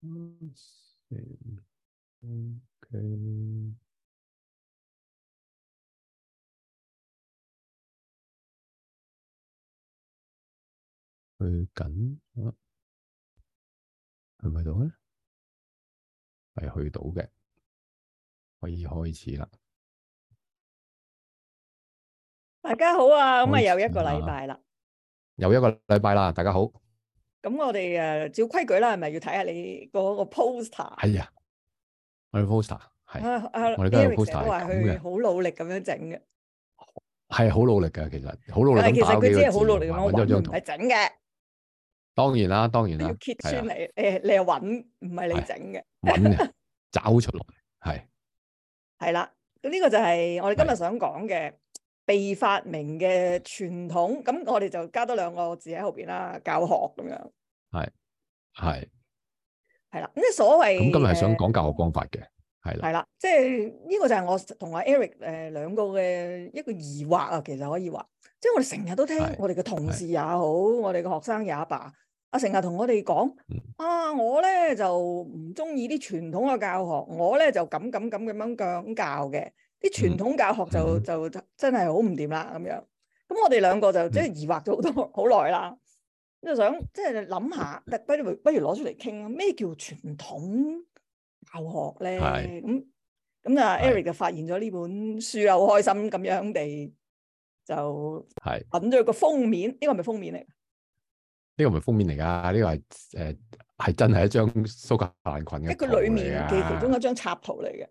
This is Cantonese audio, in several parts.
See, okay. 去緊啊？係咪到咧？係去到嘅，可以開始啦！大家好啊，咁啊，又一個禮拜啦，又一個禮拜啦，大家好。咁我哋誒，照規矩啦，係咪要睇下你嗰個 poster？係啊，我哋 poster 係。啊，我哋今日 poster 係咁嘅。好努力咁樣整嘅，係好努力㗎，其實好努力咁搞嘅。其實佢只係好努力，我搵咗張圖嚟整嘅。當然啦，當然啦，你要揭穿你誒，你又搵唔係你整嘅，搵嘅，找出嚟係。係啦，咁呢個就係我哋今日想講嘅。被發明嘅傳統，咁我哋就加多兩個字喺後邊啦，教學咁樣。係係係啦，咁即係所謂。咁今日係想講教學方法嘅，係啦。係啦，即係呢個就係我同阿 Eric 誒兩個嘅一個疑惑啊，其實可以話，即係我哋成日都聽我哋嘅同事也好，我哋嘅學生也罷，阿成日同我哋講、嗯、啊，我咧就唔中意啲傳統嘅教學，我咧就咁咁咁咁樣講教嘅。啲傳統教學就、嗯、就，就真係好唔掂啦咁樣，咁我哋兩個就即係疑惑咗好多好耐啦，咁、嗯、就想即係諗下，不如不如攞出嚟傾啊，咩叫傳統教學咧？咁咁啊，Eric 是就發現咗呢本書，又好開心咁樣地就揾咗個封面，呢、這個係咪封面嚟噶？呢個唔係封面嚟噶，呢、這個係誒係真係一張蘇格蘭裙嘅。即係佢裡面嘅其中一張插圖嚟嘅。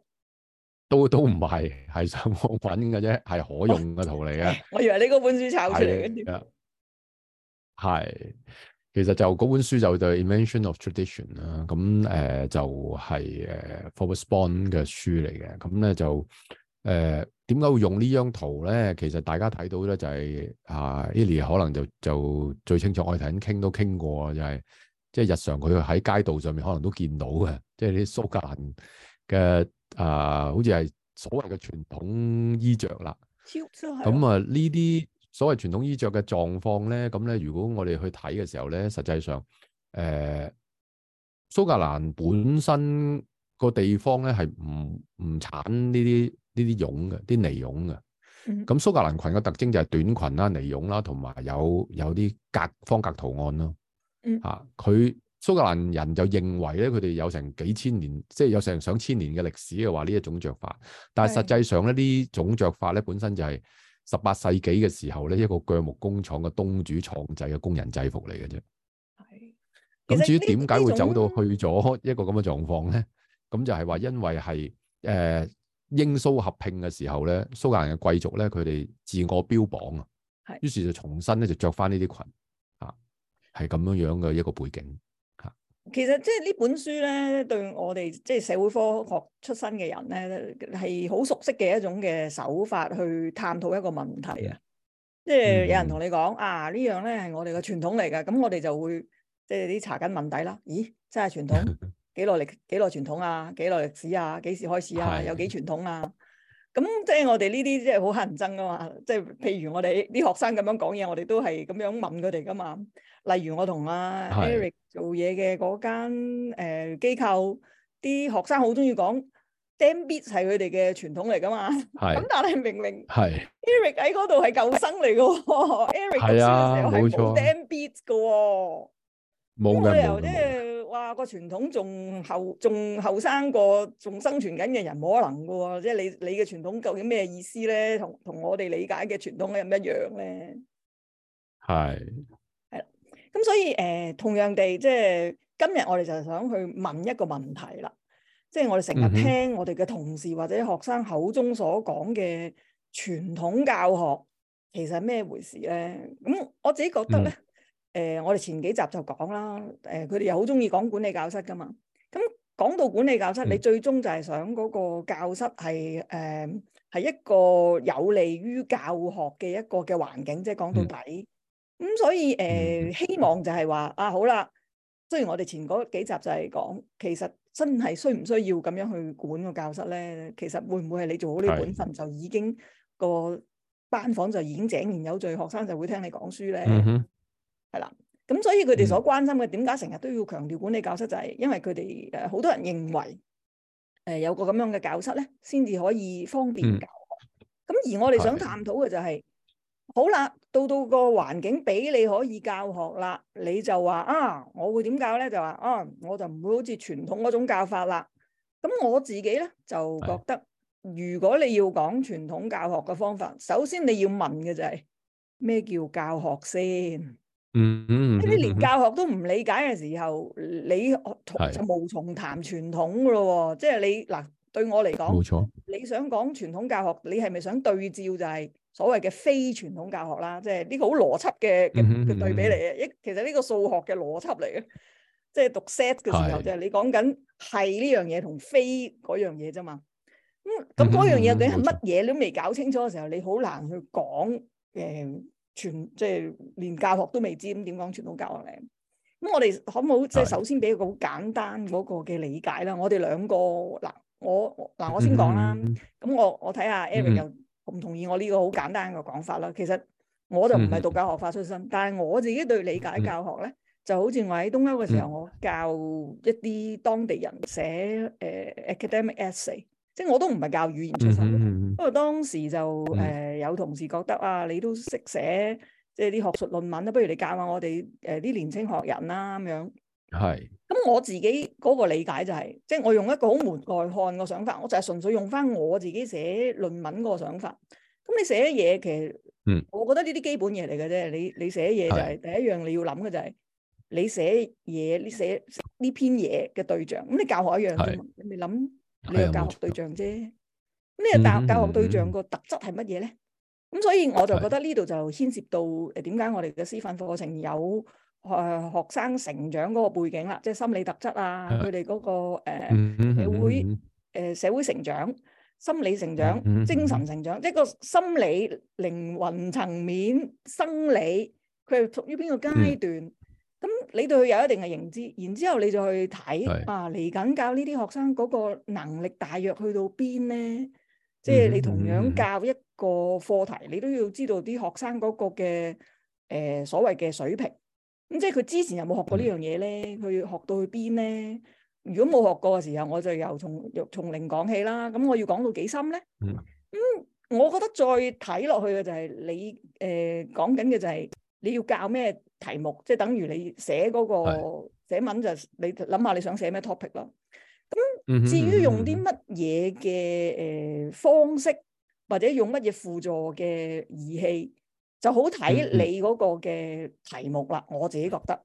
都都唔係，係上網搵嘅啫，係可用嘅圖嚟嘅。 我以為你嗰本書炒出嚟嘅的。係后，其實就嗰本書就叫、是《The Invention of Tradition》啦。咁、嗯、誒就係誒 Hobsbawm 嘅書嚟嘅。咁咧就誒點解會用張呢張圖咧？其實大家睇到咧就係、是、啊，Ili 可能就就最清楚。我同佢傾都傾過，就係即係日常佢喺街道上面可能都見到嘅，即係啲蘇格蘭嘅。呃、超啊，好似係所謂嘅傳統衣着啦，咁啊呢啲所謂傳統衣着嘅狀況咧，咁咧如果我哋去睇嘅時候咧，實際上，誒、呃，蘇格蘭本身個地方咧係唔唔產呢啲呢啲絨嘅，啲呢絨嘅，咁蘇、嗯、格蘭裙嘅特徵就係短裙啦、啊、呢絨啦、啊，同埋有有啲格方格圖案咯、啊，吓佢、嗯。啊蘇格蘭人就認為咧，佢哋有成幾千年，即係有成上千年嘅歷史嘅話，呢一種着法。但係實際上咧，是的 種呢種着法咧本身就係十八世紀嘅時候咧，一個鋸木工廠嘅東主創製嘅工人制服嚟嘅啫。係。咁至於點解會走到去咗一個咁嘅狀況咧？咁就係話因為係誒、呃、英蘇合併嘅時候咧，蘇格蘭嘅貴族咧，佢哋自我標榜啊，於是，的 是就重新咧就着翻呢啲裙啊，係咁樣樣嘅一個背景。其實即係呢本書咧，對我哋即係社會科學出身嘅人咧，係好熟悉嘅一種嘅手法去探討一個問題，嗯、啊！即係有人同你講啊，呢樣咧係我哋嘅傳統嚟嘅，咁我哋就會即係啲查緊問底啦。咦，真係傳統？幾耐歷？幾耐傳統啊？幾耐歷史啊？幾時開始啊？的有幾傳統啊？咁即係我哋呢啲即係好乞人憎噶嘛，即係譬如我哋啲學生咁樣講嘢，我哋都係咁樣問佢哋噶嘛。例如我同阿 Eric 是做嘢嘅嗰間誒機構，啲學生好中意講 damn beat 係佢哋嘅傳統嚟噶嘛。係是。咁但係明明係 Eric 喺嗰度係舊生嚟嘅喎，Eric 嘅時候係冇 damn beat 嘅喎。冇理由。即係話，個傳統仲後仲後生過仲生存緊嘅人，冇可能噶喎！即係你你嘅傳統究竟咩意思咧？同同我哋理解嘅傳統係唔一樣咧？係係啦，咁所以誒、呃，同樣地，即係今日我哋就想去問一個問題啦。即係我哋成日聽我哋嘅同事或者學生口中所講嘅傳統教學，其實係咩回事咧？咁我自己覺得咧。嗯誒、呃，我哋前幾集就講啦，誒、呃，佢哋又好中意講管理教室噶嘛。咁、嗯、講到管理教室，你最終就係想嗰個教室係誒，係、呃、一個有利於教學嘅一個嘅環境，即係講到底。咁、嗯嗯、所以誒、呃，希望就係話啊，好啦，雖然我哋前嗰幾集就係講，其實真係需唔需要咁樣去管個教室咧？其實會唔會係你做好呢本分就已經個班房就已經井然有序，學生就會聽你講書咧？嗯啦，咁所以佢哋所關心嘅點解成日都要強調管理教室，就係、是、因為佢哋誒好多人認為誒、呃、有個咁樣嘅教室咧，先至可以方便教學。咁、嗯、而我哋想探討嘅就係、是、的好啦，到到個環境俾你可以教學啦，你就話啊，我會點教咧？就話啊，我就唔會好似傳統嗰種教法啦。咁我自己咧就覺得，的如果你要講傳統教學嘅方法，首先你要問嘅就係、是、咩叫教學先？嗯嗯，嗯，嗯嗯，呢啲連教學都唔理解嘅時候，你就無從談傳統噶咯、哦。的即係你嗱，對我嚟講，冇錯錯。你想講傳統教學，你係咪想對照就係所謂嘅非傳統教學啦？即係呢個好邏輯嘅嘅對比嚟嘅。一、嗯嗯嗯嗯嗯、其實呢個數學嘅邏輯嚟嘅，即、就、係、是、讀 set 嘅時候，的就係你講緊係呢樣嘢同非嗰樣嘢啫嘛。咁咁嗰樣嘢究竟係乜嘢你都未搞清楚嘅時候，你好難去講誒。嗯傳即係連教學都未知，咁點講傳統教學咧？咁我哋可唔好即係首先俾一個好簡單嗰個嘅理解啦。我哋兩個嗱，我嗱我先講啦。咁、嗯、我我睇下 Eric、嗯、又唔同意我呢個好簡單嘅講法啦。其實我就唔係讀教學法出身，嗯、但係我自己對理解教，教學咧，嗯、就好似我喺東歐嘅時候，我教一啲當地人寫誒、嗯呃、academic essay，即係我都唔係教語言出身。嗯嗯不過當時就誒、呃、有同事覺得啊，你都識寫即係啲學術論文啦，不如你教下我哋誒啲年青學人啦、啊、咁樣。係是。咁我自己嗰個理解就係、是，即係我用一個好門外漢個想法，我就係純粹用返我自己寫論文個想法。咁你寫嘢其實，嗯，我覺得呢啲基本嘢嚟嘅啫。你你寫嘢就係、是、是第一樣你要諗嘅就係、是、你寫嘢呢寫呢篇嘢嘅對象。咁你教學一樣是你咪諗你個教學對象啫。咩大學教學對象個特質係乜嘢咧？咁所以我就覺得呢度就牽涉到誒點解我哋嘅師範課程有誒學生成長嗰個背景啦，即係心理特質啊，佢哋嗰個誒社會誒社會成長、心理成長、精神成長，即係個心理靈魂層面、生理佢係屬於邊個階段？咁你對佢有一定嘅認知，然之後你就去睇啊，嚟緊教呢啲學生嗰個能力大約去到邊咧？即係你同樣教一個課題，mm hmm. 你都要知道啲學生嗰個嘅誒、呃、所謂嘅水平。咁即係佢之前有冇學過呢樣嘢咧？佢、mm hmm. 學到去邊咧？如果冇學過嘅時候，我就又從從零講起啦。咁我要講到幾深咧？Mm hmm. 嗯，咁我覺得再睇落去嘅就係你誒講緊嘅就係你要教咩題目，即係等於你寫嗰個寫文就你諗下你想寫咩 topic 咯。Mm hmm. 咁至於用啲乜嘢嘅誒方式，或者用乜嘢輔助嘅儀器，就好睇你嗰個嘅題目啦。我自己覺得，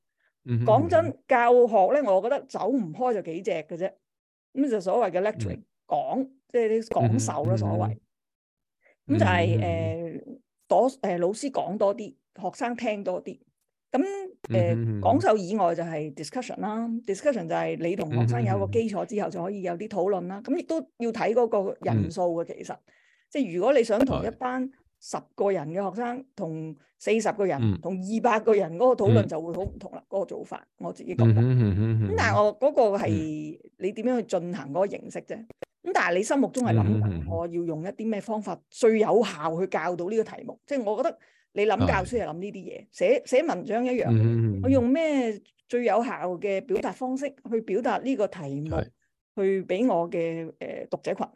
講真，嗯哼，教學咧，我覺得走唔開就幾隻嘅啫。咁就所謂嘅 lecturing 講，即係講授啦所謂。咁。嗯哼。就係誒多誒老師講多啲，學生聽多啲。咁誒，講、呃、授以外就係 discussion 啦，discussion 就係你同學生有個基礎之後就可以有啲討論啦。咁亦都要睇嗰個人數嘅，其實、嗯、即係如果你想同一班十個人嘅學生、嗯、同四十個人、嗯、同二百個人嗰個討論就會好唔同啦。嗯、個做法我自己覺得，咁、嗯嗯嗯、但係我嗰、那個係你點樣去進行嗰個形式啫。咁但係你心目中係諗我要用一啲咩方法最有效去教到呢個題目，即係我覺得。你諗教書係諗呢啲嘢，寫寫文章一樣，嗯、我用咩最有效嘅表達方式去表達呢個題目去，去俾我嘅誒讀者群。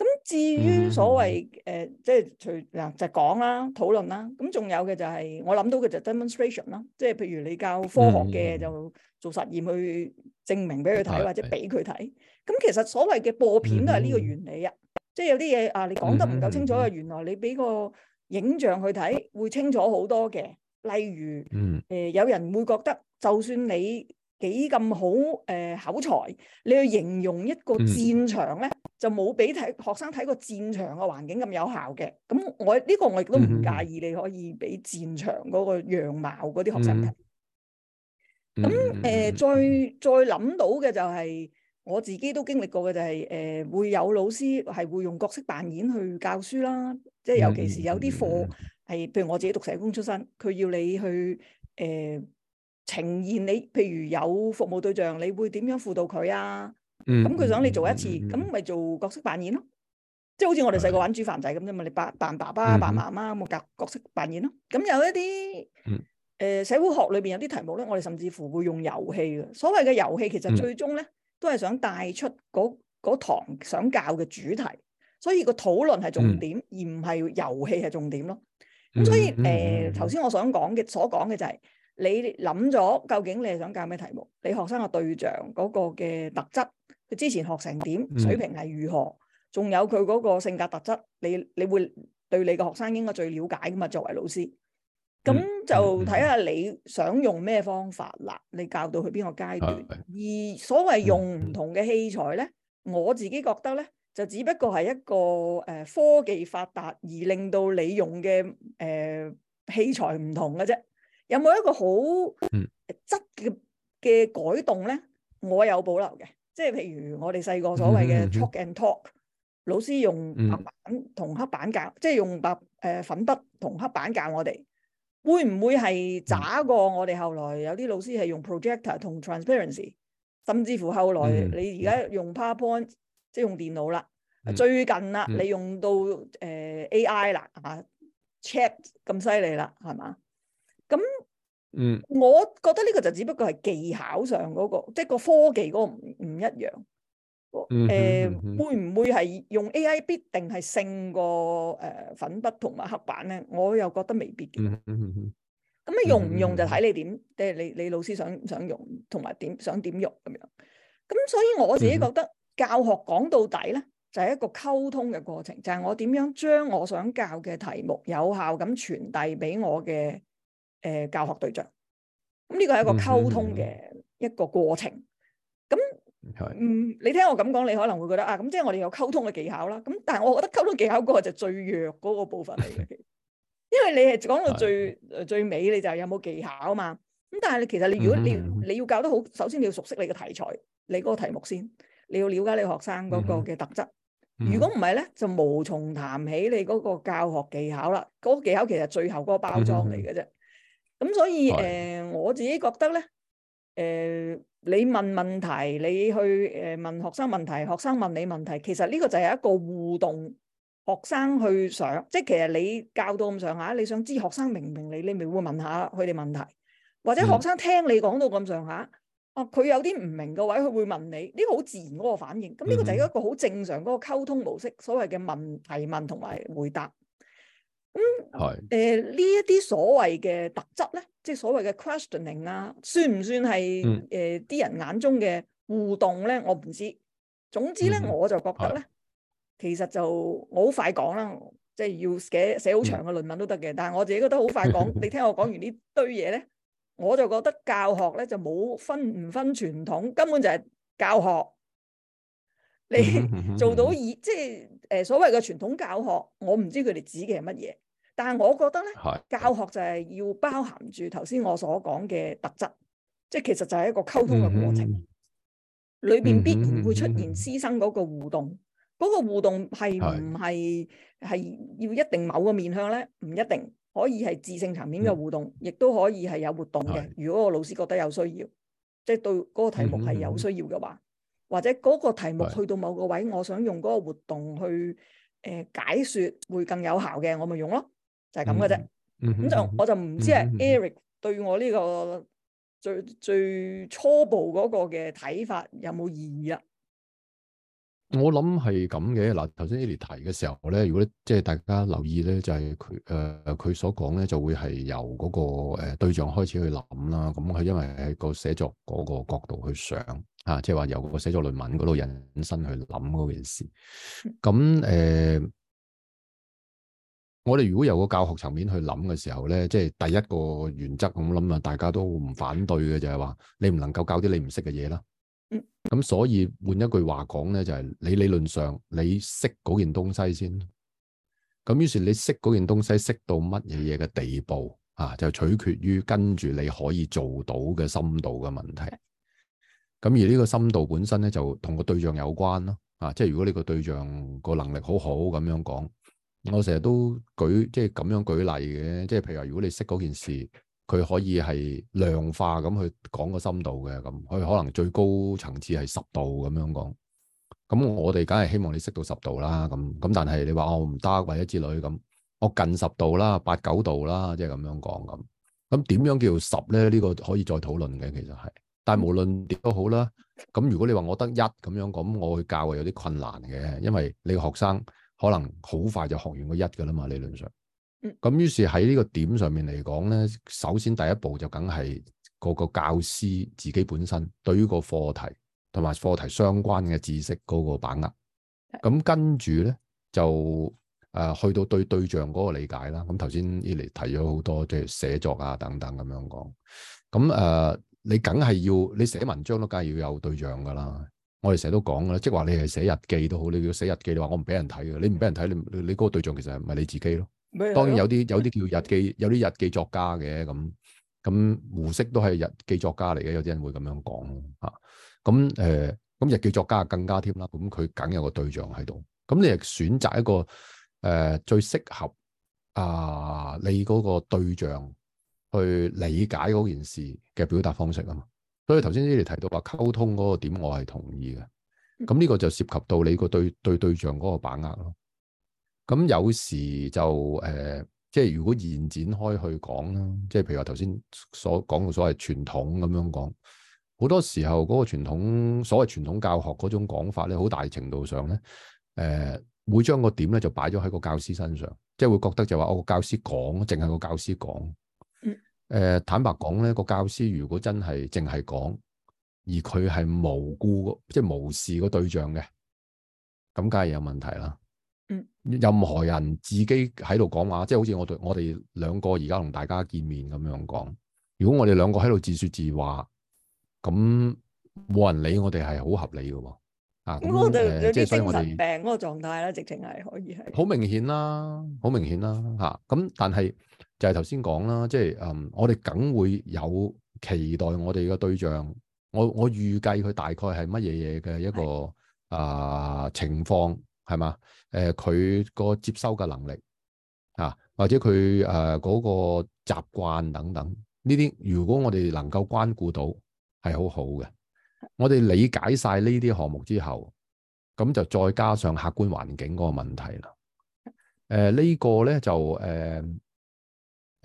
咁至於所謂誒，即係除嗱就係講啦，討論啦。咁仲有嘅就係、是，我諗到嘅就 demonstration 啦，即係譬如你教科學嘅就做實驗去證明俾佢睇，是或者俾佢睇。咁其實所謂嘅播片都係呢個原理啊，即係、嗯、有啲嘢啊，你講得唔夠清楚啊，嗯嗯、原來你俾個。影像去睇會清楚好多嘅，例如誒、嗯呃、有人會覺得就算你幾咁好誒、呃、口才，你去形容一個戰場咧，嗯、就冇俾睇學生睇個戰場嘅環境咁有效嘅。咁我呢、呢個我亦都唔介意，你可以俾戰場嗰個樣貌嗰啲學生睇。咁誒、嗯嗯嗯嗯呃，再再諗到嘅就係、是。我自己都經歷過嘅就係、是、誒、呃、會有老師係會用角色扮演去教書啦，即係尤其是有啲課係，嗯、譬如我自己讀社工出身，佢要你去誒、呃、呈現你，譬如有服務對象，你會點樣輔導佢啊？咁、嗯、佢、嗯、想你做一次，咁咪、嗯、做角色扮演咯，即係好似我哋細個玩煮飯仔咁啫嘛，你扮扮爸爸、扮媽媽，咁夾角色扮演咯。咁有一啲誒、呃、社會學裏邊有啲題目咧，我哋甚至乎會用遊戲嘅，所謂嘅遊戲其實最終咧，嗯嗯都係想帶出嗰、嗰個、堂想教嘅主題，所以個討論係重點，嗯、而唔係遊戲係重點咯。咁所以誒頭先我想講嘅所講嘅就係、係、你諗咗究竟你係想教咩題目？你學生嘅對象嗰個嘅特質，佢之前學成點水平係如何，仲、嗯、有佢嗰個性格特質，你你會對你嘅學生應該最了解㗎嘛？作為老師。咁就睇下你想用咩方法啦，嗯、你教到去邊個階段？啊、而所謂用唔同嘅器材咧，嗯、我自己覺得咧，就只不過係一個誒、呃、科技發達而令到你用嘅誒、呃、器材唔同嘅啫。有冇一個好質嘅嘅改動咧？我有保留嘅，即係譬如我哋細個所謂嘅 chalk and talk，、嗯嗯、老師用白板同黑板教，嗯、即係用白誒粉筆同黑板教我哋。會唔會係渣過我哋後來有啲老師係用 projector 同 transparency，甚至乎後來你而家用 PowerPoint、嗯、即係用電腦啦，嗯、最近啦、嗯、你用到誒、呃、AI 啦，啊 Chat 咁犀利啦係嘛？咁嗯，我覺得呢個就只不過係技巧上嗰、嗰個，即係個科技嗰個唔唔一樣。誒、呃，會唔會係用 A.I. 必定係勝過誒粉筆同埋黑板咧？我又覺得未必嘅。咁、嗯、啊，嗯嗯嗯嗯、用唔用就睇你點，即係你你老師想唔想用，同埋點想點用咁樣。咁所以我自己覺得教學講到底咧，嗯、就係一個溝通嘅過程，就係、是、我點樣將我想教嘅題目有效咁傳遞俾我嘅誒、呃、教學對象。咁呢個係一個溝通嘅一個過程。咁、嗯。嗯嗯嗯嗯，你聽我咁講，你可能會覺得啊，咁、嗯、即係我哋有溝通嘅技巧啦。咁，但係我覺得溝通技巧嗰個就最弱嗰個部分嚟嘅。 因為你係講到最 最尾，你就係有冇技巧啊嘛。咁但係你其實你如果你你要教得好，首先你要熟悉你嘅題材，你嗰個題目先，你要了解你學生嗰個嘅特質。 如果唔係咧，就無從談起你嗰個教學技巧啦。嗰、嗰個技巧其實最後嗰個包裝嚟嘅啫。咁所以誒、 呃，我自己覺得咧，誒、呃。呃你問問題，你去誒問學生問題，學生問你問題，其實呢個就係一個互動，學生去想，即係其實你教到咁上下，你想知學生明唔明你，你咪會問下佢哋問題，或者學生聽你講到咁上下，哦佢、嗯啊、有啲唔明嘅位，佢會問你，呢、呢個好自然嗰個反應，咁呢個就係一個好正常嗰個溝通模式，所謂嘅問提問同埋回答。咁誒呢一啲所謂嘅特質咧，即係所謂嘅 questioning 啦，啊，算唔算係誒啲人眼中嘅互動咧？我唔知。總之咧，我就覺得咧，嗯、其實就我好快講啦，即係要寫寫好長嘅論文都得嘅，嗯、但係我自己都覺得好快講。 你聽我講完堆呢堆嘢咧，我就覺得教學咧就冇分唔分傳統，根本就係教學。你 做到以即係誒、呃、所謂嘅傳統教學，我唔知佢哋指嘅係乜嘢，但係我覺得咧，的教學就係要包含住頭先我所講嘅特質，即係其實就係一個溝通嘅過程，嗯、哼裏邊必然會出現師生嗰個互動嗰、嗯、哼個互動係唔係，係的要一定某個面向咧？唔一定可以係智性層面嘅互動，亦都、嗯、哼可以係有活動嘅。嗯、哼如果個老師覺得有需要，即、就、係、是、對嗰個題目係有需要嘅話。或者嗰個題目去到某個位，是我想用嗰個活動去誒、呃、解説會更有效嘅，我咪用咯，就係咁嘅啫。嗯哼咁就我就唔知係 Eric 對我呢個最最初步嗰個嘅睇法有冇異議啦、啊。我諗係咁嘅，嗱頭先 Eli 提嘅時候咧，如果即係大家留意咧，就係佢誒佢所講咧，就會係由嗰個誒對象開始去諗啦。咁佢因為係個寫作嗰個角度去想，啊，即係話由個寫作論文嗰度引申去諗嗰件事。咁誒、呃，我哋如果由個教學層面去諗嘅時候咧，即係第一個原則咁諗啊，大家都唔反對嘅就係話，你唔能夠教啲你唔識嘅嘢啦。咁所以換一句話講咧，就係、是、你理論上你識嗰件東西先，咁於是你識嗰件東西識到乜嘢嘢嘅地步啊，就取決於跟住你可以做到嘅深度嘅問題。咁、啊、而呢個深度本身咧就同個對象有關咯，啊，即係如果你個對象個能力好好咁樣講，我成日都舉即係咁樣舉例嘅，即係譬如話如果你識嗰件事。佢可以係量化咁去講個深度嘅，咁佢可能最高層次係十度咁樣講。咁我哋梗係希望你識到十度啦。咁咁但係你話我唔得或者之類咁，我近十度啦，八九度啦，即係咁樣講咁。咁點樣叫十咧？呢個可以再討論嘅。其實係，但係無論點都好啦。咁如果你話我得一咁樣講，我去教會有啲困難嘅，因為你學生可能好快就學完個一㗎啦嘛，理論上。咁於、嗯、是喺呢個點上面嚟講咧，首先第一步就梗係個個教師自己本身對於個課題同埋課題相關嘅知識嗰個把握。咁、嗯嗯、跟住咧就誒、呃、去到對對象嗰個理解啦。咁頭先已嚟提咗好多，即係寫作啊等等咁樣講。咁、嗯、誒、呃，你梗係要你寫文章都梗係要有對象噶啦。我哋成日都講嘅，即係話你係寫日記都好，你要寫日記，你話我唔俾人睇嘅，你唔俾人睇，你你嗰個對象其實係唔係你自己咯。當然有啲的有啲叫日記，有啲日記作家嘅，咁咁胡適都係日記作家嚟嘅，有啲人會咁樣講吓。咁、啊、誒，咁、呃、日記作家更加添啦。咁佢梗有個對象喺度。咁你係選擇一個誒、呃、最適合啊你嗰個對象去理解嗰件事嘅表達方式啊嘛。所以頭先呢你提到話溝通嗰個點，我係同意嘅。咁呢個就涉及到你個對，對對對象嗰個把握咯。咁有時就誒、呃，即係如果延展開去講啦，即係譬如話頭先所講嘅所，所謂傳統咁樣講，好多時候嗰個傳統所謂傳統教學嗰種講法咧，好大程度上咧誒，會、呃、將個點咧就擺咗喺個教師身上，即係會覺得就話我教個教師講，淨係個教師講。嗯。誒，坦白講咧，個教師如果真係淨係講，而佢係無顧即係無視個對象嘅，咁梗係有問題啦。任何人自己喺度講話，即係好似我對我哋兩個而家同大家見面咁樣講。如果我哋兩個喺度自說自話，咁冇人理我哋係好合理嘅喎。啊，即我哋有啲精神病嗰個狀態啦，直情係可以係。好明顯啦，好明顯啦吓。咁但係就係頭先講啦，即係嗯，我哋梗會有期待我哋嘅對象，我我預計佢大概係乜嘢嘢嘅一個啊的、呃、情況。係嘛？誒，佢、呃、個接收嘅能力啊，或者佢誒嗰個習慣等等，呢啲如果我哋能夠關顧到，係好好嘅。我哋理解晒呢啲項目之後，咁就再加上客觀環境嗰個問題啦。誒、呃，這個、呢個咧就誒誒、呃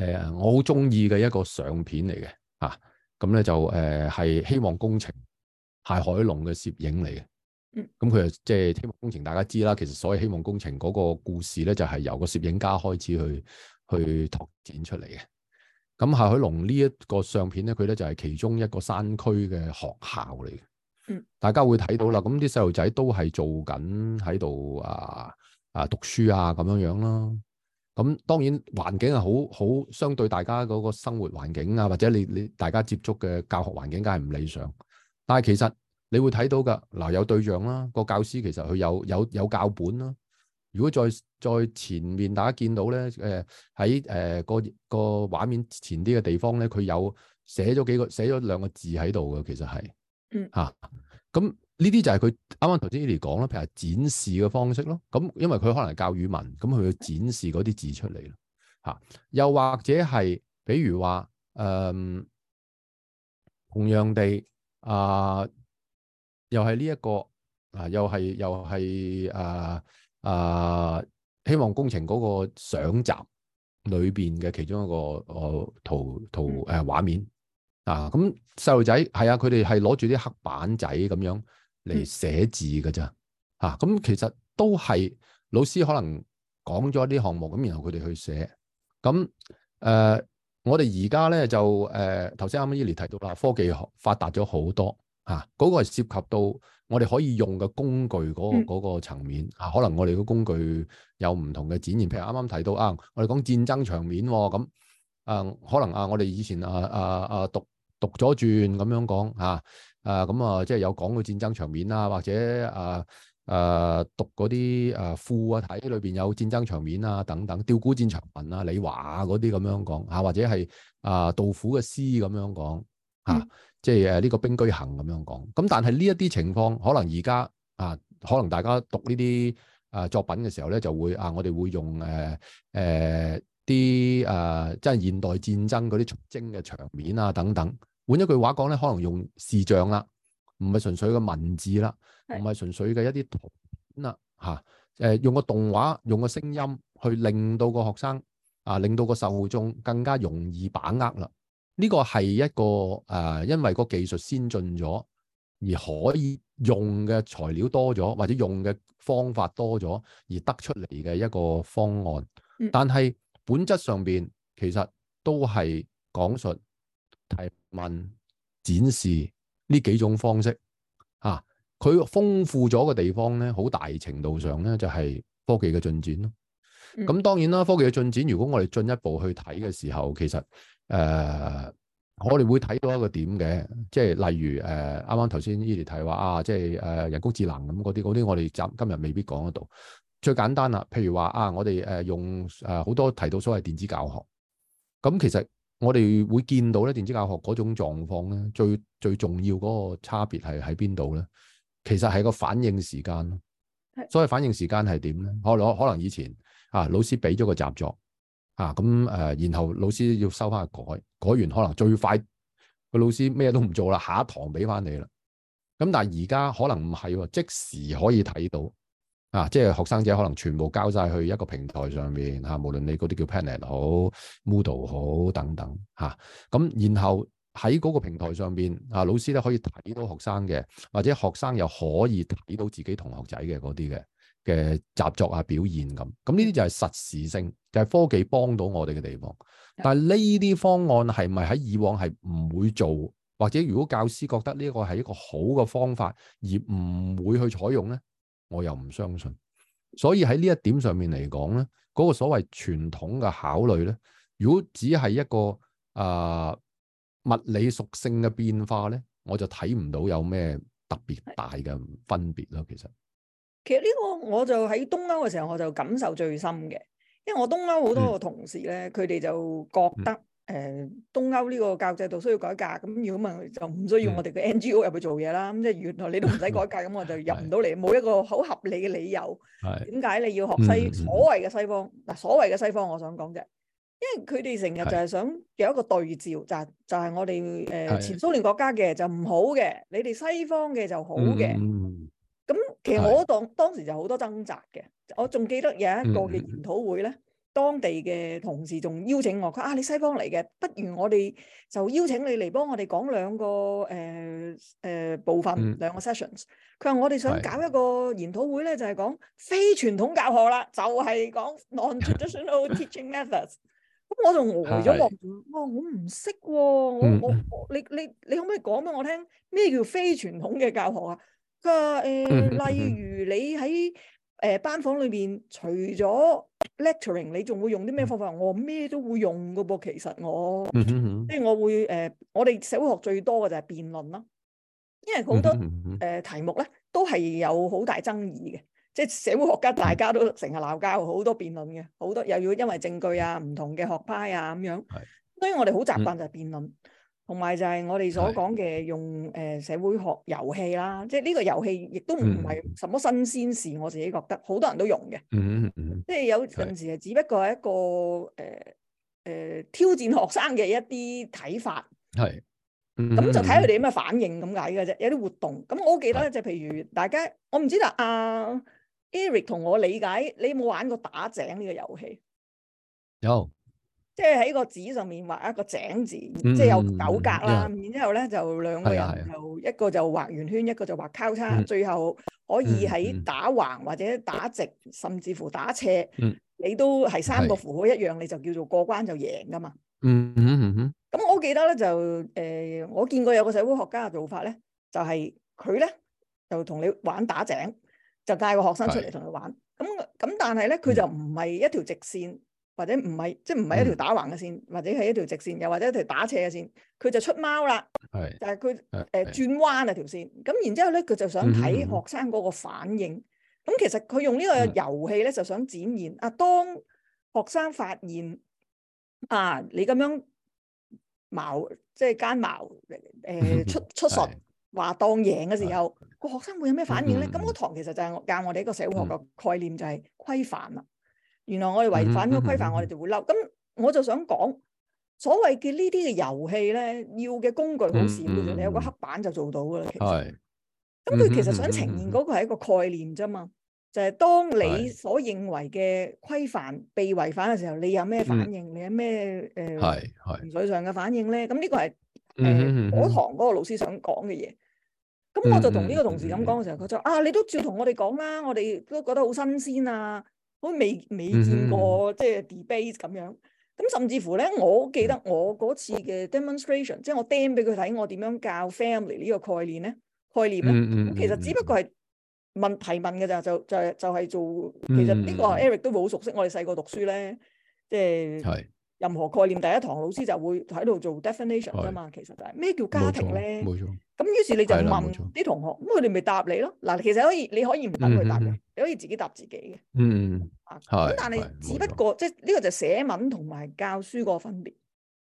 呃，我好中意嘅一個相片嚟嘅嚇。咁、啊、咧就誒，係、呃、希望工程，係海龍嘅攝影嚟嘅。咁佢又即係希望工程，大家知啦。其實所謂希望工程嗰個故事咧，就係由個攝影家開始去去拓展出嚟嘅。咁夏海龍呢一個相片咧，佢咧就係其中一個山區嘅學校嚟嘅。嗯，大家會睇到啦。咁啲細路仔都係做緊喺度啊啊讀書啊咁樣樣咯。咁當然環境係好好相對大家嗰個生活環境啊，或者你你大家接觸嘅教學環境梗係唔理想，但係其實。你會睇到噶，嗱有對象啦，個教師其實佢有有有教本啦。如果再再前面大家見到咧，誒喺誒個個畫面前啲嘅地方咧，佢有寫咗幾個寫咗兩個字喺度嘅，其實係、啊、嗯嚇。咁呢啲就係佢啱啱頭先 Eli 講啦，譬如展示嘅方式咯。咁、啊、因為佢可能教語文，咁佢要展示嗰啲字出嚟啦嚇。又或者係比如話誒、嗯，同樣地啊。又係呢一個啊，又係又係啊啊！希望工程嗰個相集裏邊嘅其中一個哦、呃、圖圖誒畫、呃、面啊，咁細路仔係啊，佢哋係攞住啲黑板仔咁樣嚟寫字嘅咋。嚇、嗯，咁、啊、其實都係老師可能講咗啲項目，咁然後佢哋去寫。咁、啊、誒，我哋而家咧就誒頭先啱啱 Eli 提到啦，科技發達咗好多。啊！嗰、那個係涉及到我哋可以用嘅工具嗰、那個嗰層面啊，可能我哋嘅工具有唔同嘅展現，譬如啱啱提到啊，我哋講戰爭場面喎、哦，咁啊，啊可能啊我哋以前啊啊啊讀讀咗轉咁樣講嚇，啊咁啊，啊，啊即係有講到戰爭場面啊，或者啊啊讀嗰啲啊庫啊睇裏邊有戰爭場面啊等等，弔古戰場文啊，李華嗰啲咁樣講嚇、啊，或者係啊杜甫嘅詩咁樣講嚇。啊啊即係誒呢個兵車行咁樣講，咁但係呢一啲情況，可能而家啊，可能大家讀呢啲啊作品嘅時候咧，就會啊，我哋會用誒誒啲啊，即、呃、係、呃呃、現代戰爭嗰啲出征嘅場面啊等等。換一句話講咧，可能用視像啦，唔係純粹嘅文字啦，唔係的純粹嘅一啲圖片啦嚇。誒、啊呃、用個動畫，用個聲音去令到個學生啊，令到個受眾更加容易把握啦。呢個係一個誒、呃，因為個技術先進咗，而可以用嘅材料多咗，或者用嘅方法多咗，而得出嚟嘅一個方案。但係本質上面其實都係講述、提問、展示呢幾種方式。嚇、啊，佢豐富咗嘅地方咧，好大程度上咧就係、是、科技嘅進展咯。咁當然啦，科技嘅進展，如果我哋進一步去睇嘅時候，其實誒、呃，我哋會睇到一個點嘅，即係例如誒，啱啱頭先 Eli 提話啊，即係誒、呃、人工智能咁嗰啲，啲我哋今今日未必講得到。最簡單啦，譬如話啊，我哋誒用誒好、啊、多提到所謂電子教學，咁其實我哋會見到咧，電子教學嗰種狀況咧，最最重要嗰個差別係喺邊度咧？其實係個反應時間，所謂反應時間係點咧？我攞可能以前啊，老師俾咗個習作。啊，咁誒，然後老師要收翻去改，改完可能最快個老師咩都唔做啦，下一堂俾翻你啦。咁但係而家可能唔係喎，即時可以睇到啊，即係學生仔可能全部交晒去一個平台上面，嚇、啊，無論你嗰啲叫 Panet 好，Moodle 好等等嚇。咁、啊、然後喺嗰個平台上邊啊，老師咧可以睇到學生嘅，或者學生又可以睇到自己同學仔嘅嗰啲嘅。嘅習作啊，表現咁，咁呢啲就係實時性，就係科技幫到我哋嘅地方。但係呢啲方案係咪喺以往係唔會做，或者如果教師覺得呢個係一個好嘅方法而唔會去採用呢，我又唔相信。所以喺呢一點上面嚟講呢，嗰個所謂傳統嘅考慮呢，如果只係一個啊，物理屬性嘅變化呢，我就睇唔到有咩特別大嘅分別咯，其實。其實呢個我就喺東歐嘅時候，我就感受最深嘅。因為我東歐好多個同事咧，佢哋就覺得，誒，東歐呢個教制度需要改革，咁如果咪就唔需要我哋嘅 NGO 入去做嘢啦。咁即係原來你都唔使改革，咁我就入唔到嚟，冇一個好合理嘅理由，點解你要學西所謂嘅西方嗱？所謂嘅西方，我想講就係，因為佢哋成日就係想有一個對照，就就係我哋誒前蘇聯國家嘅就唔好嘅，你哋西方嘅就好嘅。咁其實我當當時就好多掙扎嘅，我仲記得有一個嘅研討會咧，mm hmm. 當地嘅同事仲邀請我，佢，啊你西方嚟嘅，不如我哋就邀請你嚟幫我哋講兩個誒誒、呃呃、部分兩個 sessions。佢話、mm hmm. 我哋想搞一個研討會咧，就係、是、講非傳統教學啦，就係、是、講 nontraditional teaching methods。咁 我就呆咗望，我我唔識喎，我、mm hmm. 我你你你可唔可以講俾我聽咩叫、叫非傳統嘅教學啊？佢話、呃、例如你喺誒、呃、班房裏邊，除咗 lecturing，你仲會用啲咩方法？我咩都會用㗎噃。其實我，即係 我會誒、呃，我哋社會學最多嘅就係辯論啦，因為好多誒、呃、題目咧都係有好大爭議嘅，即係社會學家大家都成日鬧交，好多辯論嘅，好多又要因為證據啊、唔同嘅學派啊咁樣。係，所以我哋好習慣就係辯論。同埋就係我哋所講嘅用誒社會學遊戲啦，的即係呢個遊戲亦都唔係什麼新鮮事，嗯、我自己覺得好多人都用嘅、嗯。嗯嗯嗯，即係有陣時係的只不過係一個誒誒、呃呃、挑戰學生嘅一啲睇法。係，咁、嗯、就睇佢哋有咩反應咁解嘅啫。嗯、有啲活動，咁、嗯、我記得即係譬如大家，我唔知道，阿、啊、Eric 同我理解，你有冇玩過打井呢個遊戲？有。即係喺個紙上面畫一個井字，嗯、即係有九格啦。嗯、然之後咧就兩個人就，就的一個就畫圓圈，一個就畫交叉。嗯、最後可以喺打橫或者打直，甚至乎打斜，嗯、你都係三個符號一樣，的你就叫做過關就贏㗎嘛。嗯咁、嗯嗯嗯、我記得咧就誒、呃，我見過有個社會學家嘅做法咧，就係佢咧就同你玩打井，就帶個學生出嚟同佢玩。咁咁的的但係咧佢就唔係一條直線。或者唔係，即係唔係一條打橫嘅線，或者係一條直線，又或者一條打斜嘅線，佢就出貓啦。係，但係佢誒轉彎啊條線。咁然之後咧，佢就想睇學生嗰個反應。咁其實佢用呢個遊戲咧，就想展現啊，當學生發現啊，你咁樣茅即係奸茅誒出出術，話當贏嘅時候，個學生會有咩反應咧？咁嗰堂其實就係教我哋一個社會學嘅概念，就係規範啦。原來我哋違反咗規範，嗯、哼我哋就會嬲。咁我就想講，所謂嘅呢啲嘅遊戲咧，要嘅工具好少嘅，你、嗯、哼有個黑板就做到噶啦。係。咁佢、嗯、哼其實想呈現嗰個係一個概念啫嘛，嗯、哼就係當你所認為嘅規範被違反嘅時候，嗯、哼你有咩反應？嗯、哼你有咩誒情緒上嘅反應咧？咁呢個係誒我堂嗰個老師想講嘅嘢。咁我就同呢個同事咁講嘅時候，佢、嗯哼啊、就啊，你都照同我哋講啦，我哋都覺得好新鮮啊。我都未未見過，即係 debate 咁樣，咁甚至乎咧，我記得我嗰次嘅 demonstration，即係我 demo 俾佢睇我點樣教 family 呢個概念咧，概念咧，咁、mm hmm. 其實只不過係問提問嘅咋，就就就係做，其實呢個 Eric 都好熟悉，我哋細個讀書咧，即係。任何概念第一堂老師就會喺度做 definition 啫嘛，其實就係咩叫家庭咧？冇錯。咁於是你就問啲同學，咁佢哋咪答你咯。嗱，其實可以，你可以唔等佢答嘅，你可以自己答自己嘅。嗯。啊，係。咁但係只不過即係呢個就係寫文同埋教書個分別，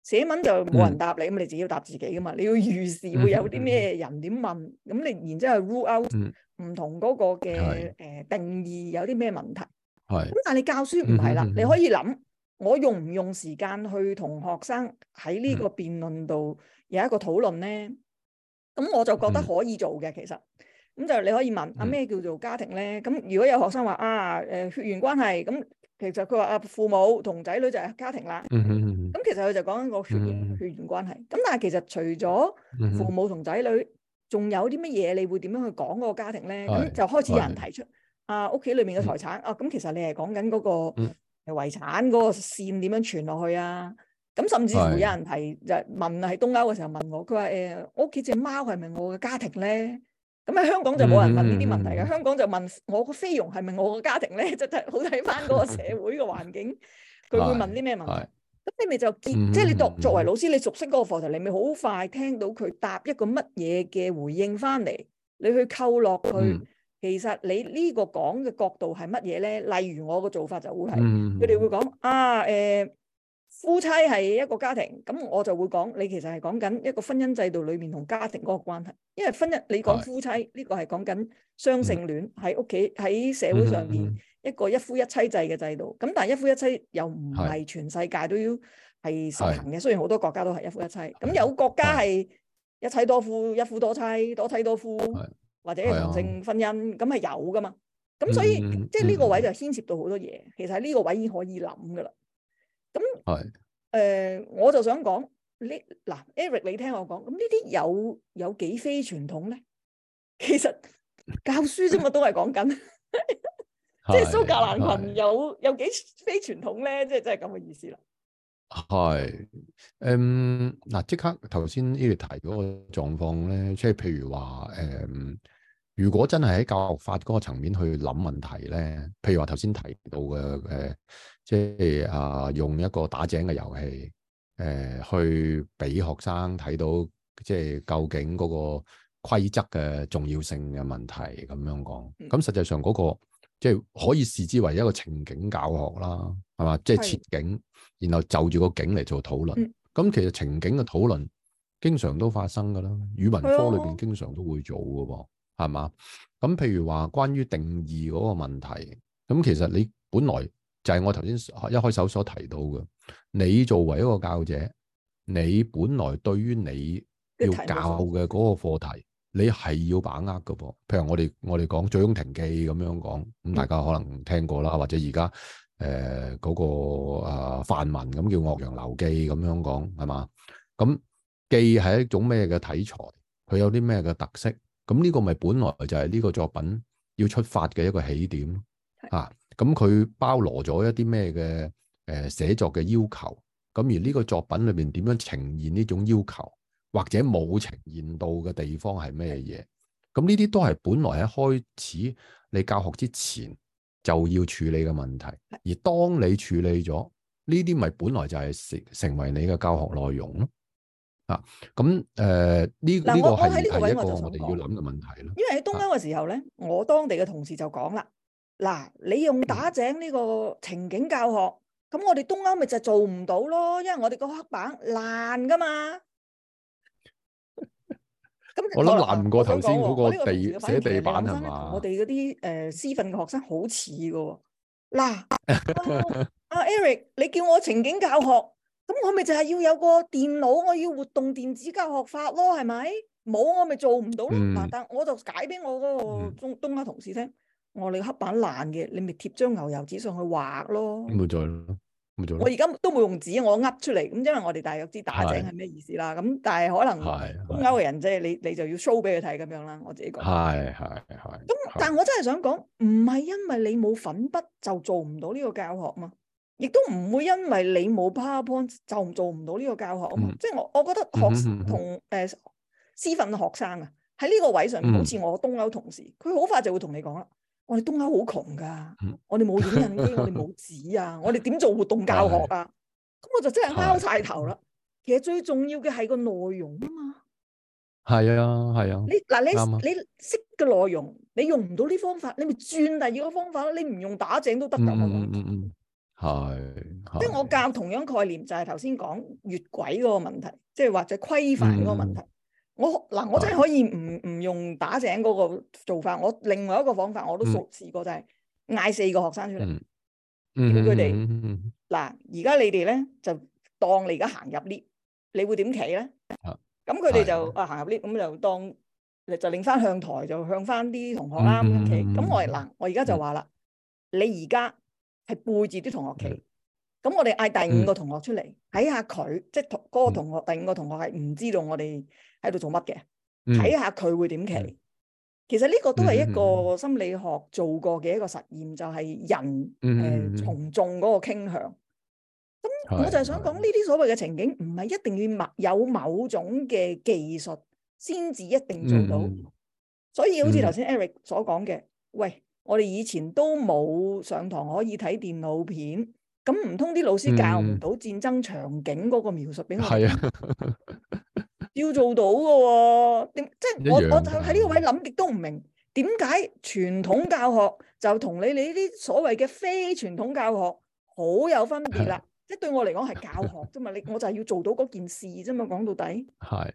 寫文就冇人答你，咁你自己要答自己噶嘛。你要預示會有啲咩人點問，咁你然之後 rule out 唔同嗰個嘅誒定義有啲咩問題。係。咁但係你教書唔係啦，你可以諗。我用唔用時間去同學生喺呢個辯論度有一個討論咧？咁 我就覺得可以做嘅，其實咁就你可以問啊咩叫做家庭咧？咁如果有學生話啊，誒血緣關係咁，其實佢話啊父母同仔女就係家庭啦。嗯咁 其實佢就講緊個血血緣關係。咁 但係其實除咗父母同仔女，仲有啲乜嘢你會點樣去講嗰個家庭咧？咁 就開始有人提出啊屋企裏面嘅財產啊。咁、 哦、其實你係講緊嗰個。遺產嗰個線點樣傳落去啊？咁甚至乎有人係就問喺是東歐嘅時候問我，佢話誒，我屋企隻貓係咪我嘅家庭咧？咁喺香港就冇人問呢啲問題嘅，嗯、香港就問我個菲傭係咪我嘅家庭咧？就係、是、好睇翻嗰個社會嘅環境，佢 會問啲咩問題？咁是你咪就見、嗯、即係你作作為老師，你熟悉嗰個課題，你咪好快聽到佢答一個乜嘢嘅回應翻嚟，你去扣落去。嗯其實你呢個講嘅角度係乜嘢呢？例如我個做法就會係佢哋會講啊，誒夫妻係一個家庭，咁我就會講你其實係講緊一個婚姻制度裏面同家庭嗰個關係。因為婚姻你講夫妻呢個係講緊雙性戀喺屋企喺社會上面一個一夫一妻制嘅制度。咁但係一夫一妻又唔係全世界都要係實行嘅。雖然好多國家都係一夫一妻，咁有國家係一妻多夫、一夫多妻、多妻多夫。或者同性婚姻咁係有噶嘛？咁所以即係呢個位就牽涉到好多嘢。其實喺呢個位已經可以諗噶啦。咁誒，我就想講呢，嗱，Eric 你聽我講，咁呢啲有有幾非傳統咧？其實教書啫嘛，都係講緊，即係蘇格蘭群有有幾非傳統咧？即係真係咁嘅意思啦。係，嗯，嗱，即刻頭先 Eric 提嗰個狀況咧，即係譬如話誒。如果真係喺教學法嗰個層面去諗問題咧，譬如話頭先提到嘅誒、呃，即係啊用一個打井嘅遊戲誒、呃，去俾學生睇到即係究竟嗰個規則嘅重要性嘅問題咁樣講。咁實際上嗰、那個即係可以視之為一個情景教學啦，係嘛？即係設景，的然後就住個景嚟做討論。咁、嗯、其實情景嘅討論經常都發生㗎啦，語文科裏邊經常都會做㗎喎。係嘛？咁譬如話關於定義嗰個問題，咁其實你本來就係我頭先一開手所提到嘅。你作為一個教者，你本來對於你要教嘅嗰個課題，你係要把握嘅噃。譬如我哋我哋講《醉翁亭記》咁樣講，咁大家可能聽過啦，嗯、或者而家誒嗰個誒範文咁叫《岳陽樓記》咁樣講，係嘛？咁記係一種咩嘅題材？佢有啲咩嘅特色？咁呢個咪本來就係呢個作品要出發嘅一個起點，嚇、啊！咁佢包羅咗一啲咩嘅誒寫作嘅要求，咁而呢個作品裏邊點樣呈現呢種要求，或者冇呈現到嘅地方係咩嘢？咁呢啲都係本來喺開始你教學之前就要處理嘅問題，而當你處理咗呢啲，咪本來就係成成為你嘅教學內容咯。啊，咁誒呢呢個喺呢個位我哋要諗嘅問題咯。因為喺東歐嘅時候咧，我當地嘅同事就講啦：嗱，你用打井呢個情景教學，咁我哋東歐咪就做唔到咯，因為我哋個黑板爛噶嘛。我諗爛唔過頭先嗰個地寫地板係嘛？我哋嗰啲誒私訓嘅學生好似噶，嗱，阿 Eric，你叫我情景教學。咁我咪就係要有個電腦，我要活動電子教學法咯，係咪？冇我咪做唔到咯。嗱、嗯，但我就解俾我嗰個中東嘅同事聽。我話你黑板爛嘅，你咪貼張牛油紙上去畫咯。冇錯冇錯。我而家都冇用紙，我呃出嚟。咁因為我哋大約知打井係咩意思啦。咁是但係可能咁歐嘅人啫，是你你就要 show 俾佢睇咁樣啦。我自己講。係係係。咁但係我真係想講，唔係因為你冇粉筆就做唔到呢個教學嘛。亦都唔會因為你冇 PowerPoint 就做唔到呢個教學啊嘛！即係我，我覺得學同誒師訓學生啊，喺呢個位上，好似我東歐同事，佢好快就會同你講啦：我哋東歐好窮噶，我哋冇影印機，我哋冇紙啊，我哋點做活動教學啊？咁我就真係拋晒頭啦！其實最重要嘅係個內容啊嘛。係啊，係啊。你嗱，你你識嘅內容，你用唔到呢方法，你咪轉第二個方法咯。你唔用打井都得噶。嗯嗯嗯。係，即係我教同樣概念就係頭先講越軌嗰個問題，即係或者規範嗰個問題。我嗱，我真係可以唔唔用打井嗰個做法，我另外一個方法我都熟試過，就係嗌四個學生出嚟，叫佢哋嗱，而家你哋咧就當你而家行入 lift，你會點企咧？咁佢哋就啊行入 lift，咁就當你就擰翻向台，就向翻啲同學啦。咁我嗱，我而家就話啦，你而家。係背住啲同學企。咁、嗯、我哋嗌第五個同學出嚟睇、嗯、下佢，即、就、係、是、同嗰、那個同學、嗯、第五個同學係唔知道我哋喺度做乜嘅，睇、嗯、下佢會點企。嗯嗯、其實呢個都係一個心理學做過嘅一個實驗，就係、是、人誒從眾嗰個傾向。咁我就係想講呢啲所謂嘅情景，唔係一定要有某種嘅技術先至一定做到。嗯嗯嗯嗯、所以好似頭先 Eric 所講嘅，喂。我哋以前都冇上堂可以睇電腦片，咁唔通啲老師教唔到戰爭場景嗰個描述俾我、嗯、啊， 要做到噶、啊，點即係我我就喺呢個位諗極都唔明，點解傳統教學就同你呢啲所謂嘅非傳統教學好有分別啦、啊？即係是、啊、 對我嚟講係教學啫嘛，你我就係要做到嗰件事啫嘛，講到底係，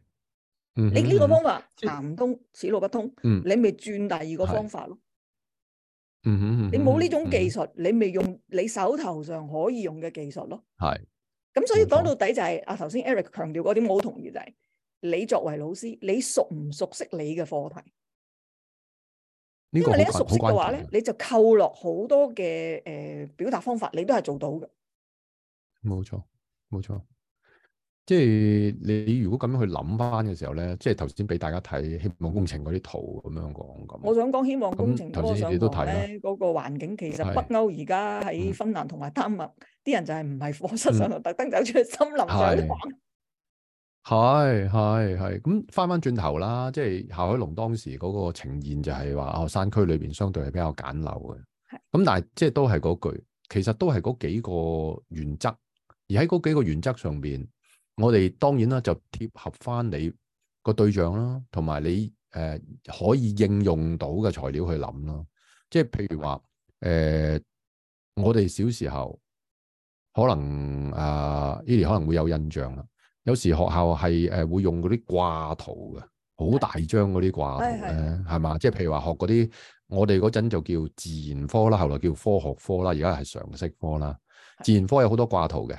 嗯、你呢個方法、嗯、行唔通，此路不通，嗯、你咪轉第二個方法咯。嗯哼，你冇呢種技術，嗯、哼你咪用你手頭上可以用嘅技術咯。係是，咁所以講到底就係阿頭先 Eric 強調嗰點，我同意就係、是，你作為老師，你熟唔熟悉你嘅課題？呢個好關鍵。因為你一熟悉嘅話咧，你就扣落好多嘅誒、呃、表達方法，你都係做到嘅。冇錯，冇錯。即係你如果咁樣去諗翻嘅時候咧，即係頭先俾大家睇，希望工程嗰啲圖咁樣講咁。我想講希望工程，頭先你都睇啦。嗰個環境其實是北歐而家喺芬蘭同埋丹麥啲、嗯、人就係唔係課室上、嗯、特登走出去森林就去玩。係係係。咁翻翻轉頭啦，即係夏海龍當時嗰個呈現就係話，哦，山區裏邊相對係比較簡陋嘅。係是。咁但係即係都係嗰句，其實都係嗰幾個原則，而喺嗰幾個原則上邊。我哋當然啦，就貼合翻你個對象啦，同埋你誒可以應用到嘅材料去諗咯。即係譬如話誒、呃，我哋小時候可能啊，Eli、呃、可能會有印象啦。有時學校係誒會用嗰啲掛圖嘅，好大張嗰啲掛圖咧，係嘛？即係譬如話學嗰啲，我哋嗰陣就叫自然科啦，後來叫科學科啦，而家係常識科啦。自然科有好多掛圖嘅。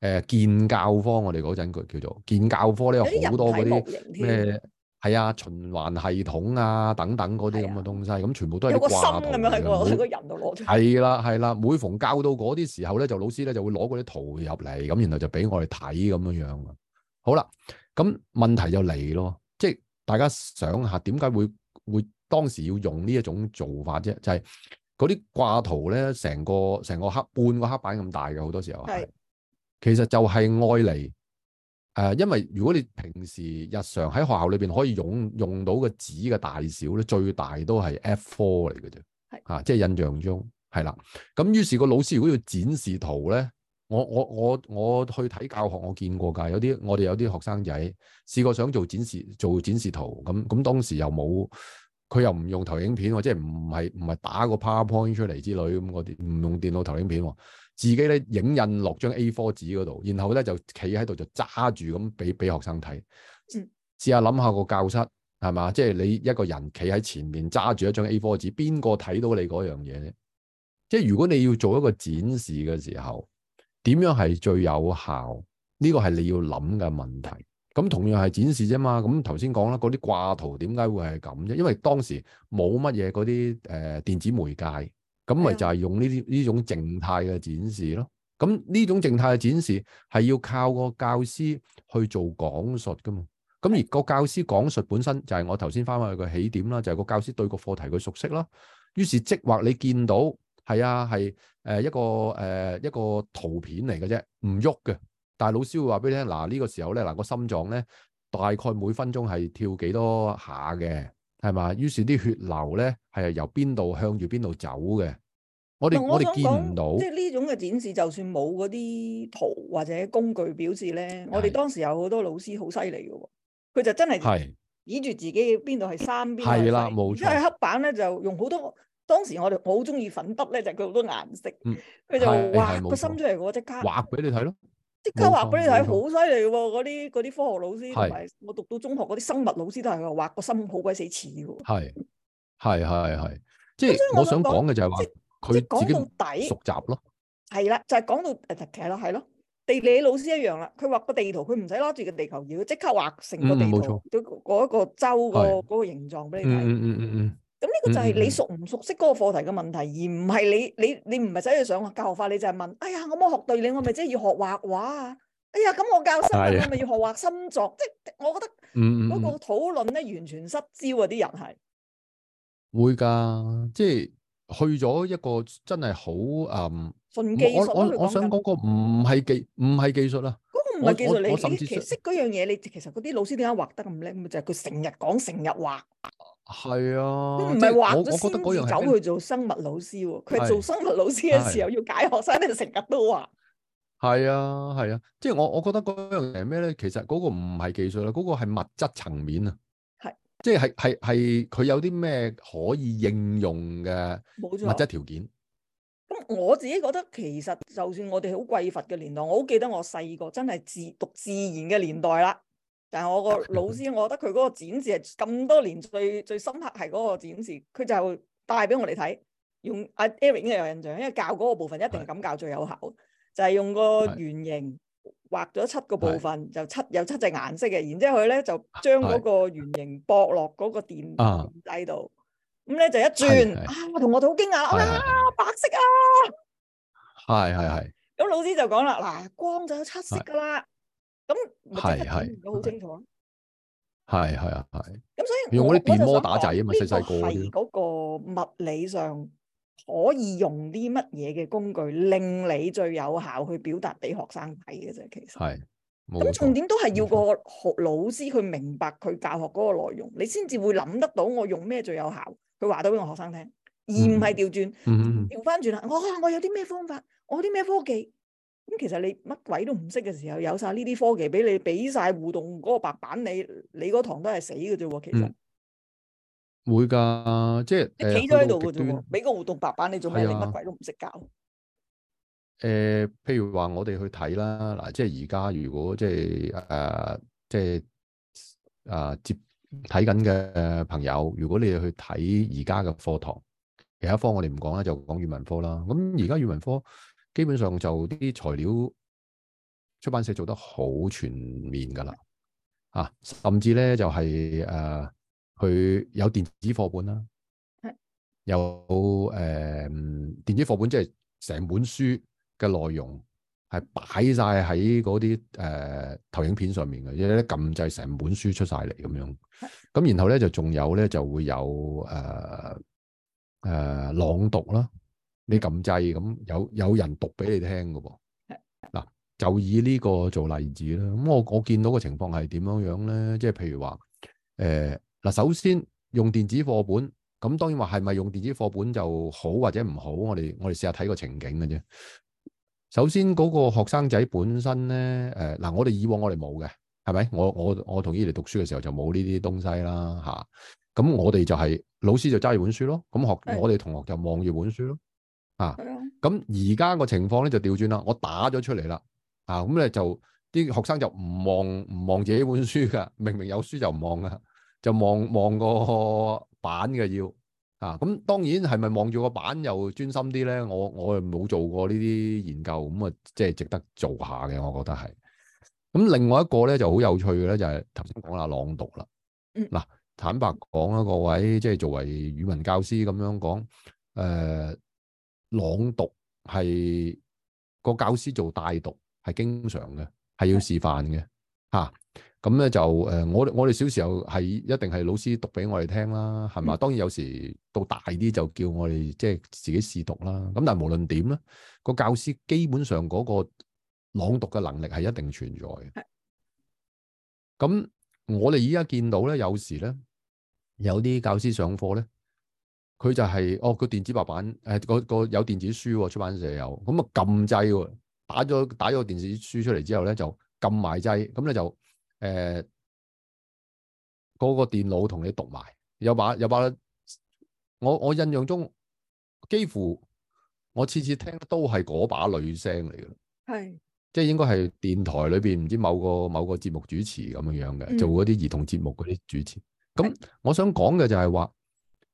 誒、健、呃、教科我哋嗰陣佢叫做健教科咧，有好多嗰啲咩係啊，循環系統啊等等嗰啲咁嘅東西，咁全部都係啲掛圖咁樣喺每個人度攞。係啦係啦，每逢教到嗰啲時候咧，就老師咧就會攞嗰啲圖入嚟，咁然後就俾我哋睇咁樣樣啊。好啦，咁問題就嚟咯，即係大家想下點解會會當時要用呢一種做法啫？就係嗰啲掛圖咧，成個成個，成個黑半個黑板咁大嘅，好多時候係。的其實就係愛嚟，誒、呃，因為如果你平時日常喺學校裏邊可以用用到嘅紙嘅大小咧，最大都係 F4 嚟嘅啫，的啊，即係印象中係啦。咁於是，於是個老師如果要展示圖咧，我我我我去睇教學，我見過噶，有啲我哋有啲學生仔試過想做展示做展示圖，咁咁當時又冇，佢又唔用投影片，即係唔係唔係打個 PowerPoint 出嚟之類咁，我唔用電腦投影片。自己咧，影印落張 A4 紙嗰度，然後咧，就企喺度就揸住咁俾俾學生睇。嗯、試下諗下個教室係嘛？即係你一個人企喺前面揸住一張 A4 紙，邊個睇到你嗰樣嘢咧？即係如果你要做一個展示嘅時候，點樣係最有效？呢、呢個係你要諗嘅問題。咁同樣係展示啫嘛。咁頭先講啦，嗰啲掛圖點解會係咁啫？因為當時冇乜嘢嗰啲誒電子媒介。咁咪就係用呢啲呢種靜態嘅展示咯。咁、嗯、呢種靜態嘅展示係要靠個教師去做講述噶嘛。咁、嗯、而個教師講述本身就係我頭先翻返去個起點啦，就係、是、個教師對個課題佢熟悉咯。於是即或你見到係啊係誒一個誒、呃、一個圖片嚟嘅啫，唔喐嘅。但係老師會話俾你聽，嗱、呃、呢、這個時候咧嗱、呃這個心臟咧大概每分鐘係跳幾多下嘅？係嘛？於是啲血流咧，係由邊度向住邊度走嘅？我哋我哋見唔到，即係呢種嘅展示，就算冇嗰啲圖或者工具表示咧，是我哋當時有好多老師好犀利嘅，佢就真係係以住自己邊度係三邊係啦，冇錯。因為的黑板咧就用好多，當時我哋好中意粉筆咧，就佢、是、好多顏色，佢、嗯、就畫個心出嚟，我即刻畫俾你睇咯。即刻畫俾你睇，好犀利嘅喎！嗰啲嗰啲科學老師同埋我讀到中學嗰啲生物老師都係，佢話畫個心好鬼死似嘅喎。係係係係，即係。所以我想講嘅就係話佢講到底熟習咯。係啦，就係講到誒其實咯係咯，地理老師一樣啦。佢畫個地圖，佢唔使攞住個地球儀，即刻畫成個地圖，都嗰一個州個嗰個形狀俾你睇。嗯嗯嗯嗯。咁呢個就係你熟唔熟悉嗰個課題嘅問題，嗯、而唔係你你你唔係使去上啊。教學法你就係問：哎呀，我冇學對你，我咪即係要學畫畫啊！哎呀，咁我教心，你咪的要學畫心作？嗯」即係我覺得嗰個討論咧，完全失焦啊！啲人係會㗎，即係去咗一個真係好誒。純、嗯、技術我，我，我想講個唔係技唔係技術啦。嗰個唔係技術，你其實識嗰樣嘢，你其實嗰啲老師點解畫得咁叻？咁就係佢成日講，成日畫。係啊，唔係畫咗先，走去做生物老師喎、啊。佢做生物老師嘅時候，要解學生，成日都話。係啊，係啊，啊，啊，即係我，我覺得嗰樣係咩咧？其實嗰個唔係技術啦，嗰、嗰個係物質層面啊。係是，即係係係，佢有啲咩可以應用嘅物質條件。咁我自己覺得，其實就算我哋好匱乏嘅年代，我好記得我細個真係自讀自然嘅年代啦。但係我個老師，我覺得佢嗰個展示係咁多年最最深刻，係嗰個展示。佢就帶俾我哋睇，用阿 Eric 嘅有印象，因為教嗰個部分一定係咁教最有效，就係、是、用個圓形畫咗七個部分，就七有七隻顏色嘅。然之後佢咧就將嗰個圓形剝落嗰個電底度，咁咧、啊、就一轉的啊，我同我哋好驚訝啊，的白色啊，係係係咁老師就講啦，嗱、啊、光就有七色噶啦咁，唔係真係唔好清楚啊？係係啊係。咁所以用嗰啲電摩打仔啊嘛，細細個。係嗰個物理上可以用啲乜嘢嘅工具令你最有效去表達俾學生睇嘅啫，其實。係。咁重點都係要個學老師去明白佢教學嗰個內容，錯你先至會諗得到我用咩最有效佢話到俾我學生聽，而唔係調轉調翻轉啦。我我有啲咩方法？我有啲咩科技？咁其實你乜鬼都唔識嘅時候，有晒呢啲科技俾你，俾晒互動嗰個白板你，你你嗰堂都係死嘅啫、啊。其實，嗯、會噶，即係你企咗喺度嘅啫。俾個、呃、互動白板你，啊、你做咩？你乜鬼都唔識搞。誒，譬如話我哋去睇啦，嗱，即係而家如果即係誒，即係啊、呃，接睇緊嘅朋友，如果你去睇而家嘅課堂，其他科我哋唔講啦，就講語文科啦。咁而家語文科。基本上就啲材料出版社做得好全面噶啦，啊，甚至咧就係、是、誒，佢、呃、有電子課本啦，係的有誒、呃，電子課本即係成本書嘅內容係擺晒喺嗰啲誒投影片上面嘅，即係咧撳掣成本書出晒嚟咁樣，咁的然後咧就仲有咧就會有誒誒、呃呃、朗讀啦。你撳掣咁有有人讀俾你聽嘅噃？嗱，就以呢個做例子啦。咁我我見到嘅情況係點樣樣咧？即係譬如話，誒嗱，首先用電子課本，咁當然話係咪用電子課本就好或者唔好？我哋我哋試下睇個情景嘅啫。首先嗰個學生仔本身咧，誒嗱，我哋以往我哋冇嘅，係咪？我我我同依啲嚟讀書嘅時候就冇呢啲東西啦，嚇。咁我哋就係老師就揸住本書咯，咁學我哋同學就望住本書咯。啊，咁而家個情況咧就調轉啦，我打咗出嚟啦，啊，咁咧就啲學生就唔望唔望自己本書噶，明明有書就唔望噶，就望望個板嘅要，啊，咁當然係咪望住個板又專心啲咧？我我冇做過呢啲研究，咁啊，即係值得做下嘅，我覺得係。咁另外一個咧就好有趣嘅咧，就係頭先講下朗讀啦。嗱、啊，坦白講啦，各位即係、就是、作為語文教師咁樣講，誒、呃。朗讀係個教師做帶讀，係經常嘅，係要示範嘅，吓，咁咧就誒、呃，我我哋小時候係一定係老師讀俾我哋聽啦，係嘛？嗯、當然有時到大啲就叫我哋即係自己試讀啦。咁但係無論點咧，個教師基本上嗰個朗讀嘅能力係一定存在嘅。咁我哋而家見到咧，有時咧有啲教師上課咧。佢就係、是、哦，個電子白板誒，哎那個那個有電子書，出版社有，咁啊撳掣喎，打咗打咗個電子書出嚟之後咧，就撳埋掣，咁咧就誒嗰、呃那個電腦同你讀埋，有把有把，我我印象中幾乎我次次聽都係嗰把女聲嚟嘅，係是，即係應該係電台裏邊唔知某個某個節目主持咁樣樣嘅，嗯、做嗰啲兒童節目嗰啲主持。咁是我想講嘅就係話。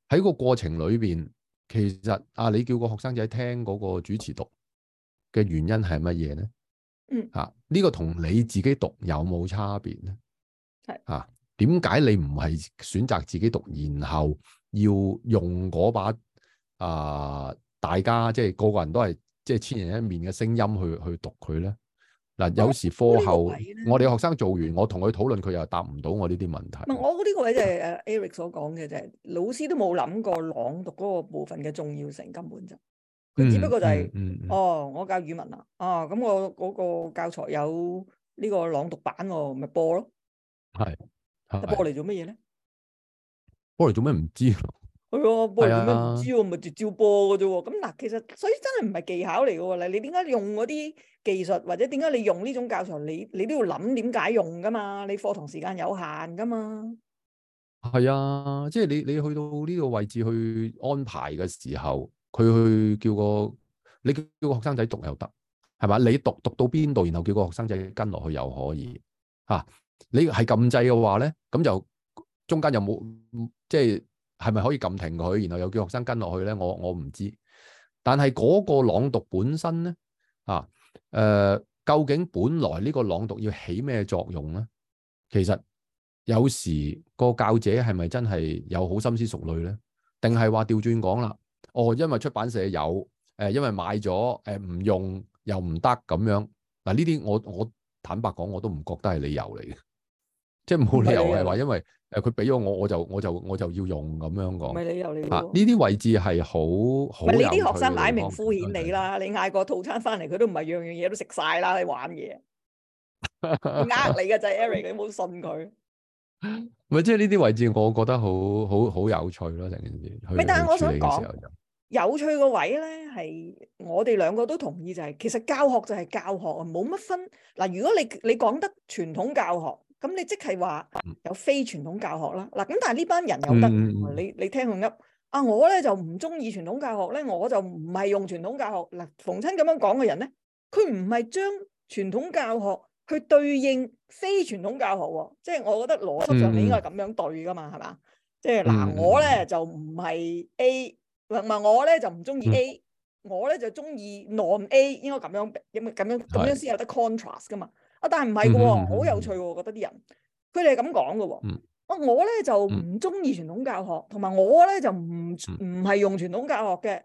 喺個過程裏邊，其實啊，你叫個學生仔聽嗰個主持讀嘅原因係乜嘢咧？嗯，啊呢個同你自己讀有冇差別咧？係啊，點解你唔係選擇自己讀，然後要用嗰把啊大家即係個個人都係即係千人一面嘅聲音去去讀佢咧？嗱，啊、有時課後、啊這個、我哋學生做完，我同佢討論，佢又答唔到我呢啲問題。啊、我呢個位即係誒 Eric 所講嘅啫，老師都冇諗過朗讀嗰個部分嘅重要性根本就是，佢只不過就係、是嗯嗯嗯、哦，我教語文啦，啊咁、嗯、我嗰、嗰個教材有呢個朗讀版喎、哦，咪播咯。係。播嚟做乜嘢咧？播嚟做咩唔知？係播嚟唔知咪就、啊、招，招播嘅啫喎。咁嗱，其實所以真係唔係技巧嚟嘅喎。你點解用嗰啲技術，或者點解你用呢種教材？你你都要諗點解用噶嘛？你課堂時間有限噶嘛？係啊，即係你你去到呢個位置去安排嘅時候，佢去叫個你叫個學生仔讀又得，係咪？你讀讀到邊度，然後叫個學生仔跟落去又可以。嚇、啊，你係禁制嘅話咧，咁就中間又冇即係。係咪可以撳停佢，然後又叫學生跟落去咧？我我唔知，但係嗰個朗讀本身咧，啊誒，呃，究竟本來呢個朗讀要起咩作用咧？其實有時個教者係咪真係有好心思熟慮咧？定係話調轉講啦？哦，因為出版社有誒，呃，因為買咗誒唔用又唔得咁樣嗱，呢啲我我坦白講我都唔覺得係理由嚟嘅。即係冇理由係話，因為誒佢俾咗我，我就我就我就要用咁樣講。呢啲位置係好好有趣嘅。唔係你啲學生擺明敷衍你啦，的你嗌個套餐翻嚟，佢都唔係樣樣嘢都食晒啦，你玩嘢。呃 你嘅就係 Eric，你冇信佢。咪即係呢啲位置，我覺得好好好有趣咯，成件事。但係我想講，有趣嘅位咧係我哋兩個都同意，就係，就係其實教學就係教學，冇乜分。嗱，如果你你講得傳統教學。咁你即係話有非傳統教學啦，嗱、啊、咁但係呢班人有得、嗯你，你你聽佢噏，啊我咧就唔中意傳統教學咧，我就唔係用傳統教學。嗱、啊，逢親咁樣講嘅人咧，佢唔係將傳統教學去對應非傳統教學喎，即、啊、係、就是、我覺得邏輯上面應該咁樣對噶嘛，係嘛、嗯？即係嗱，我咧就唔係 A，唔係、嗯、我咧就唔中意 A、嗯、我咧就中意 non A，應該咁樣咁樣咁樣先有得 contrast 噶嘛。但係唔係嘅喎，好有趣喎，我覺得啲人佢哋係咁講嘅喎。我咧就唔中意傳統教學，同埋我咧就唔唔係用傳統教學嘅。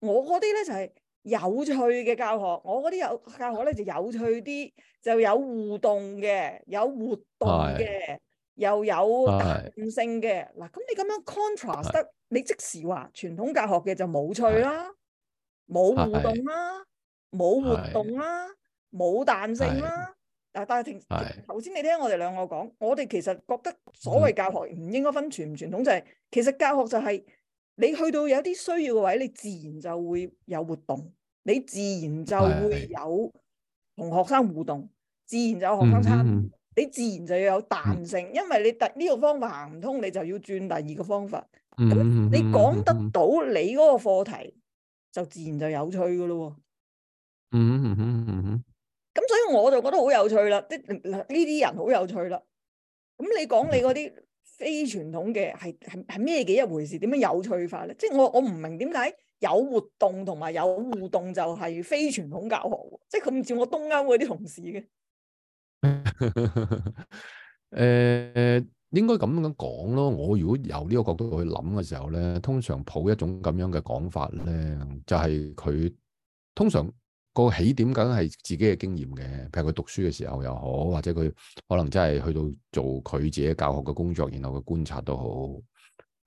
我嗰啲咧就係有趣嘅教學，我嗰啲有教學咧就有趣啲，就有互動嘅，有活動嘅，又有彈性嘅。嗱，咁你咁樣 contrast 得，你即時話傳統教學嘅就冇趣啦，冇互動啦，冇活動啦，冇彈性啦。嗱，但係停頭先你聽我哋兩個講，的我哋其實覺得所謂教學唔應該分傳唔傳統，嗯、就係、是、其實教學就係、是、你去到有啲需要嘅位，你自然就會有活動，你自然就會有同學生互動，的自然就有學生參與，嗯嗯嗯你自然就要有彈性，嗯、因為你第呢個方法行唔通，你就要轉第二個方法。咁你講得到你嗰個課題，就自然就有趣噶咯。嗯嗯嗯嗯。咁所以我就覺得好有趣啦，即呢啲人好有趣啦。咁你講你嗰啲非傳統嘅係係係咩幾一回事？點樣有趣化咧？即係我我唔明點解有活動同埋有互動就係非傳統教學喎？即係佢唔似我東歐嗰啲同事嘅。誒 呃、應該咁樣講咯。我如果由呢個角度去諗嘅時候咧，通常抱一種咁樣嘅講法咧，就係、是、佢通常。個起點梗係自己嘅經驗嘅，譬如佢讀書嘅時候又好，或者佢可能真係去到做佢自己教學嘅工作，然後嘅觀察都好。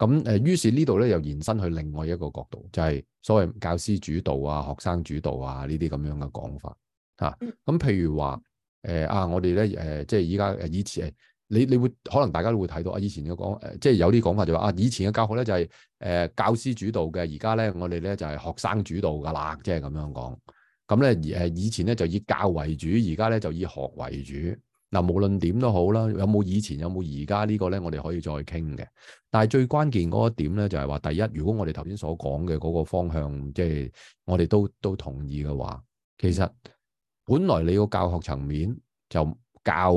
咁誒、呃，於是呢度咧又延伸去另外一個角度，就係、是、所謂教師主導啊、學生主導啊呢啲咁樣嘅講法嚇。咁、啊、譬如話誒、呃、啊，我哋咧誒，即係依家誒以前誒，你你會可能大家都會睇到、呃就是、啊，以前嘅講誒，即係有啲講法就話啊，以前嘅教學咧就係、是、誒、呃、教師主導嘅，而家咧我哋咧就係、是、學生主導噶啦，即係咁樣講。咁咧，而誒以前咧就以教為主，而家咧就以學為主。嗱，無論點都好啦，有冇以前，有冇而家呢個咧，我哋可以再傾嘅。但係最關鍵嗰一點咧，就係話第一，如果我哋頭先所講嘅嗰個方向，即係我哋都都同意嘅話，其實本來你個教學層面就教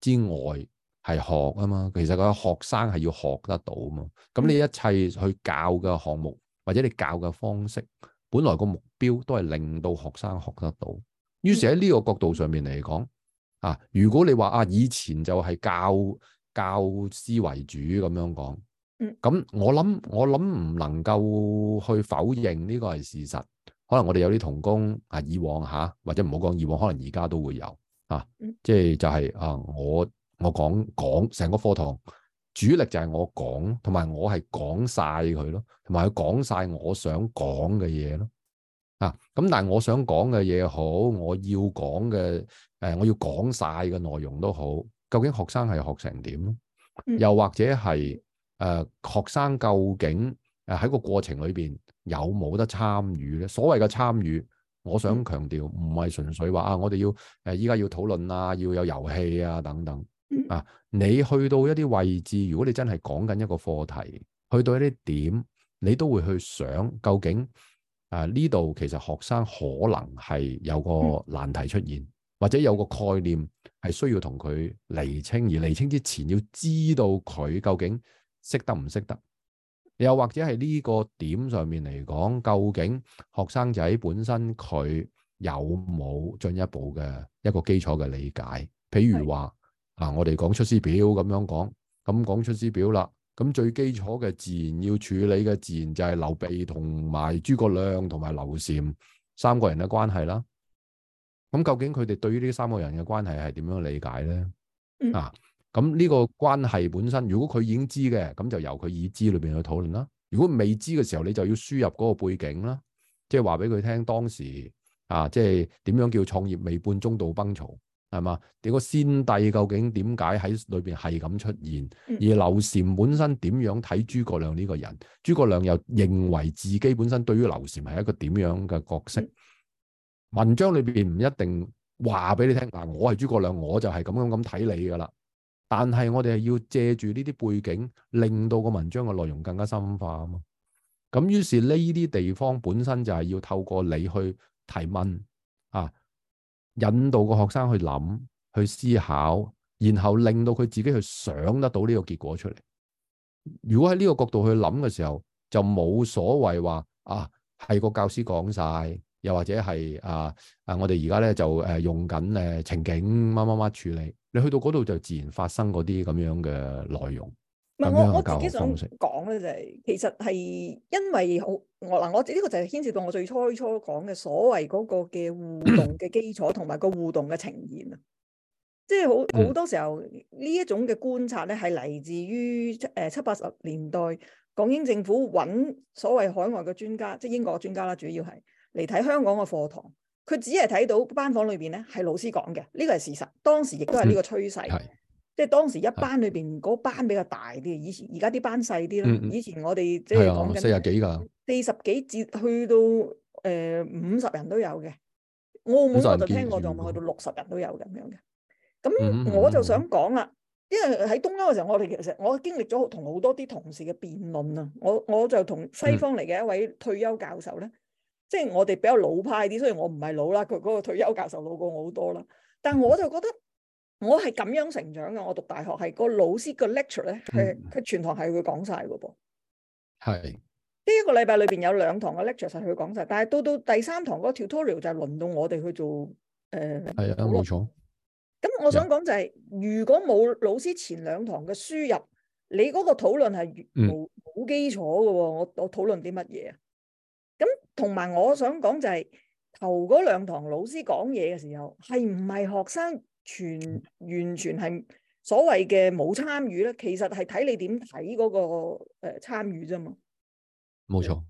之外係學啊嘛，其實個學生係要學得到啊嘛。咁你一切去教嘅項目或者你教嘅方式。本來個目標都係令到學生學得到，於是喺呢個角度上面嚟講，啊，如果你話啊以前就係教教師為主咁樣講，嗯，咁我諗我諗唔能夠去否認呢個係事實，可能我哋有啲同工啊以往吓、啊，或者唔好講以往，可能而家都會有啊，即係就係、是、啊我我講講成個課堂。主力就係我講，同埋我係講晒佢咯，同埋佢講晒我想講嘅嘢咯。啊，咁但係我想講嘅嘢好，我要講嘅誒、呃，我要講曬嘅內容都好。究竟學生係學成點？又或者係誒、呃、學生究竟誒喺個過程裏邊有冇得參與咧？所謂嘅參與，我想強調唔係純粹話啊，我哋要誒依家要討論啊，要有遊戲啊等等。啊！你去到一啲位置，如果你真係講緊一個課題，去到一啲點，你都會去想，究竟啊呢度其實學生可能係有個難題出現，嗯、或者有個概念係需要同佢厘清，而厘清之前要知道佢究竟識得唔識得，又或者係呢個點上面嚟講，究竟學生仔本身佢有冇進一步嘅一個基礎嘅理解，譬如話。嗱、啊，我哋講出師表咁樣講，咁講出師表啦，咁最基礎嘅自然要處理嘅自然就係劉備同埋諸葛亮同埋劉禪三個人嘅關係啦。咁究竟佢哋對於呢三個人嘅關係係點樣理解咧？啊，咁呢個關係本身，如果佢已經知嘅，咁就由佢已知裏邊去討論啦。如果未知嘅時候，你就要輸入嗰個背景啦，即係話俾佢聽當時啊，即係點樣叫創業未半中道崩殂。係嘛？你個先帝究竟點解喺裏邊係咁出現？嗯、而劉禪本身點樣睇諸葛亮呢個人？諸葛亮又認為自己本身對於劉禪係一個點樣嘅角色？嗯、文章裏邊唔一定話俾你聽。嗱、啊，我係諸葛亮，我就係咁樣咁睇你噶啦。但係我哋係要借住呢啲背景，令到個文章嘅內容更加深化啊嘛。咁於是呢啲地方本身就係要透過你去提問啊。引導個學生去諗，去思考，然後令到佢自己去想得到呢個結果出嚟。如果喺呢個角度去諗嘅時候，就冇所謂話啊，係個教師講晒，又或者係啊啊，我哋而家咧就誒、呃、用緊誒、呃、情景乜乜乜處理，你去到嗰度就自然發生嗰啲咁樣嘅內容。唔係我我自己想講咧、就是，就係其實係因為好我嗱，我呢、呢個就係牽涉到我最初初講嘅所謂嗰個嘅互動嘅基礎同埋個互動嘅呈現啊， 即係好好多時候呢一種嘅觀察咧，係嚟自於七誒、呃、七八十年代港英政府揾所謂海外嘅專家，即係英國專家啦，主要係嚟睇香港嘅課堂，佢只係睇到班房裏邊咧係老師講嘅，呢個係事實，當時亦都係呢個趨勢。 即係當時一班裏邊嗰班比較大啲，以前而家啲班細啲啦。嗯嗯，以前我哋即係講緊四十幾噶，四十幾至去到誒、呃、五十人都有嘅。澳門我就聽過，仲去到六十人都有咁樣嘅。咁我就想講啦，因為喺東歐嘅時候，我哋其實我經歷咗同好多啲同事嘅辯論啊。我我就同西方嚟嘅一位退休教授咧，即係、嗯、我哋比較老派啲，雖然我唔係老啦，佢嗰個退休教授老過我好多啦，但我就覺得。我係咁樣成長嘅，我讀大學係個老師個 lecture 咧，佢佢、嗯、全堂係會講晒嘅噃。係呢是一個禮拜裏邊有兩堂嘅 lecture 係佢講晒，但係到到第三堂嗰個 tutorial 就係輪到我哋去做誒。係啊，冇錯。咁我想講就係、是，如果冇老師前兩堂嘅輸入，你嗰個討論係冇冇基礎嘅喎。我我討論啲乜嘢啊？咁同埋我想講就係頭嗰兩堂老師講嘢嘅時候，係唔係學生？全完全係所謂嘅冇參與咧，其實係睇你點睇嗰個誒、呃、參與啫嘛。冇錯、嗯。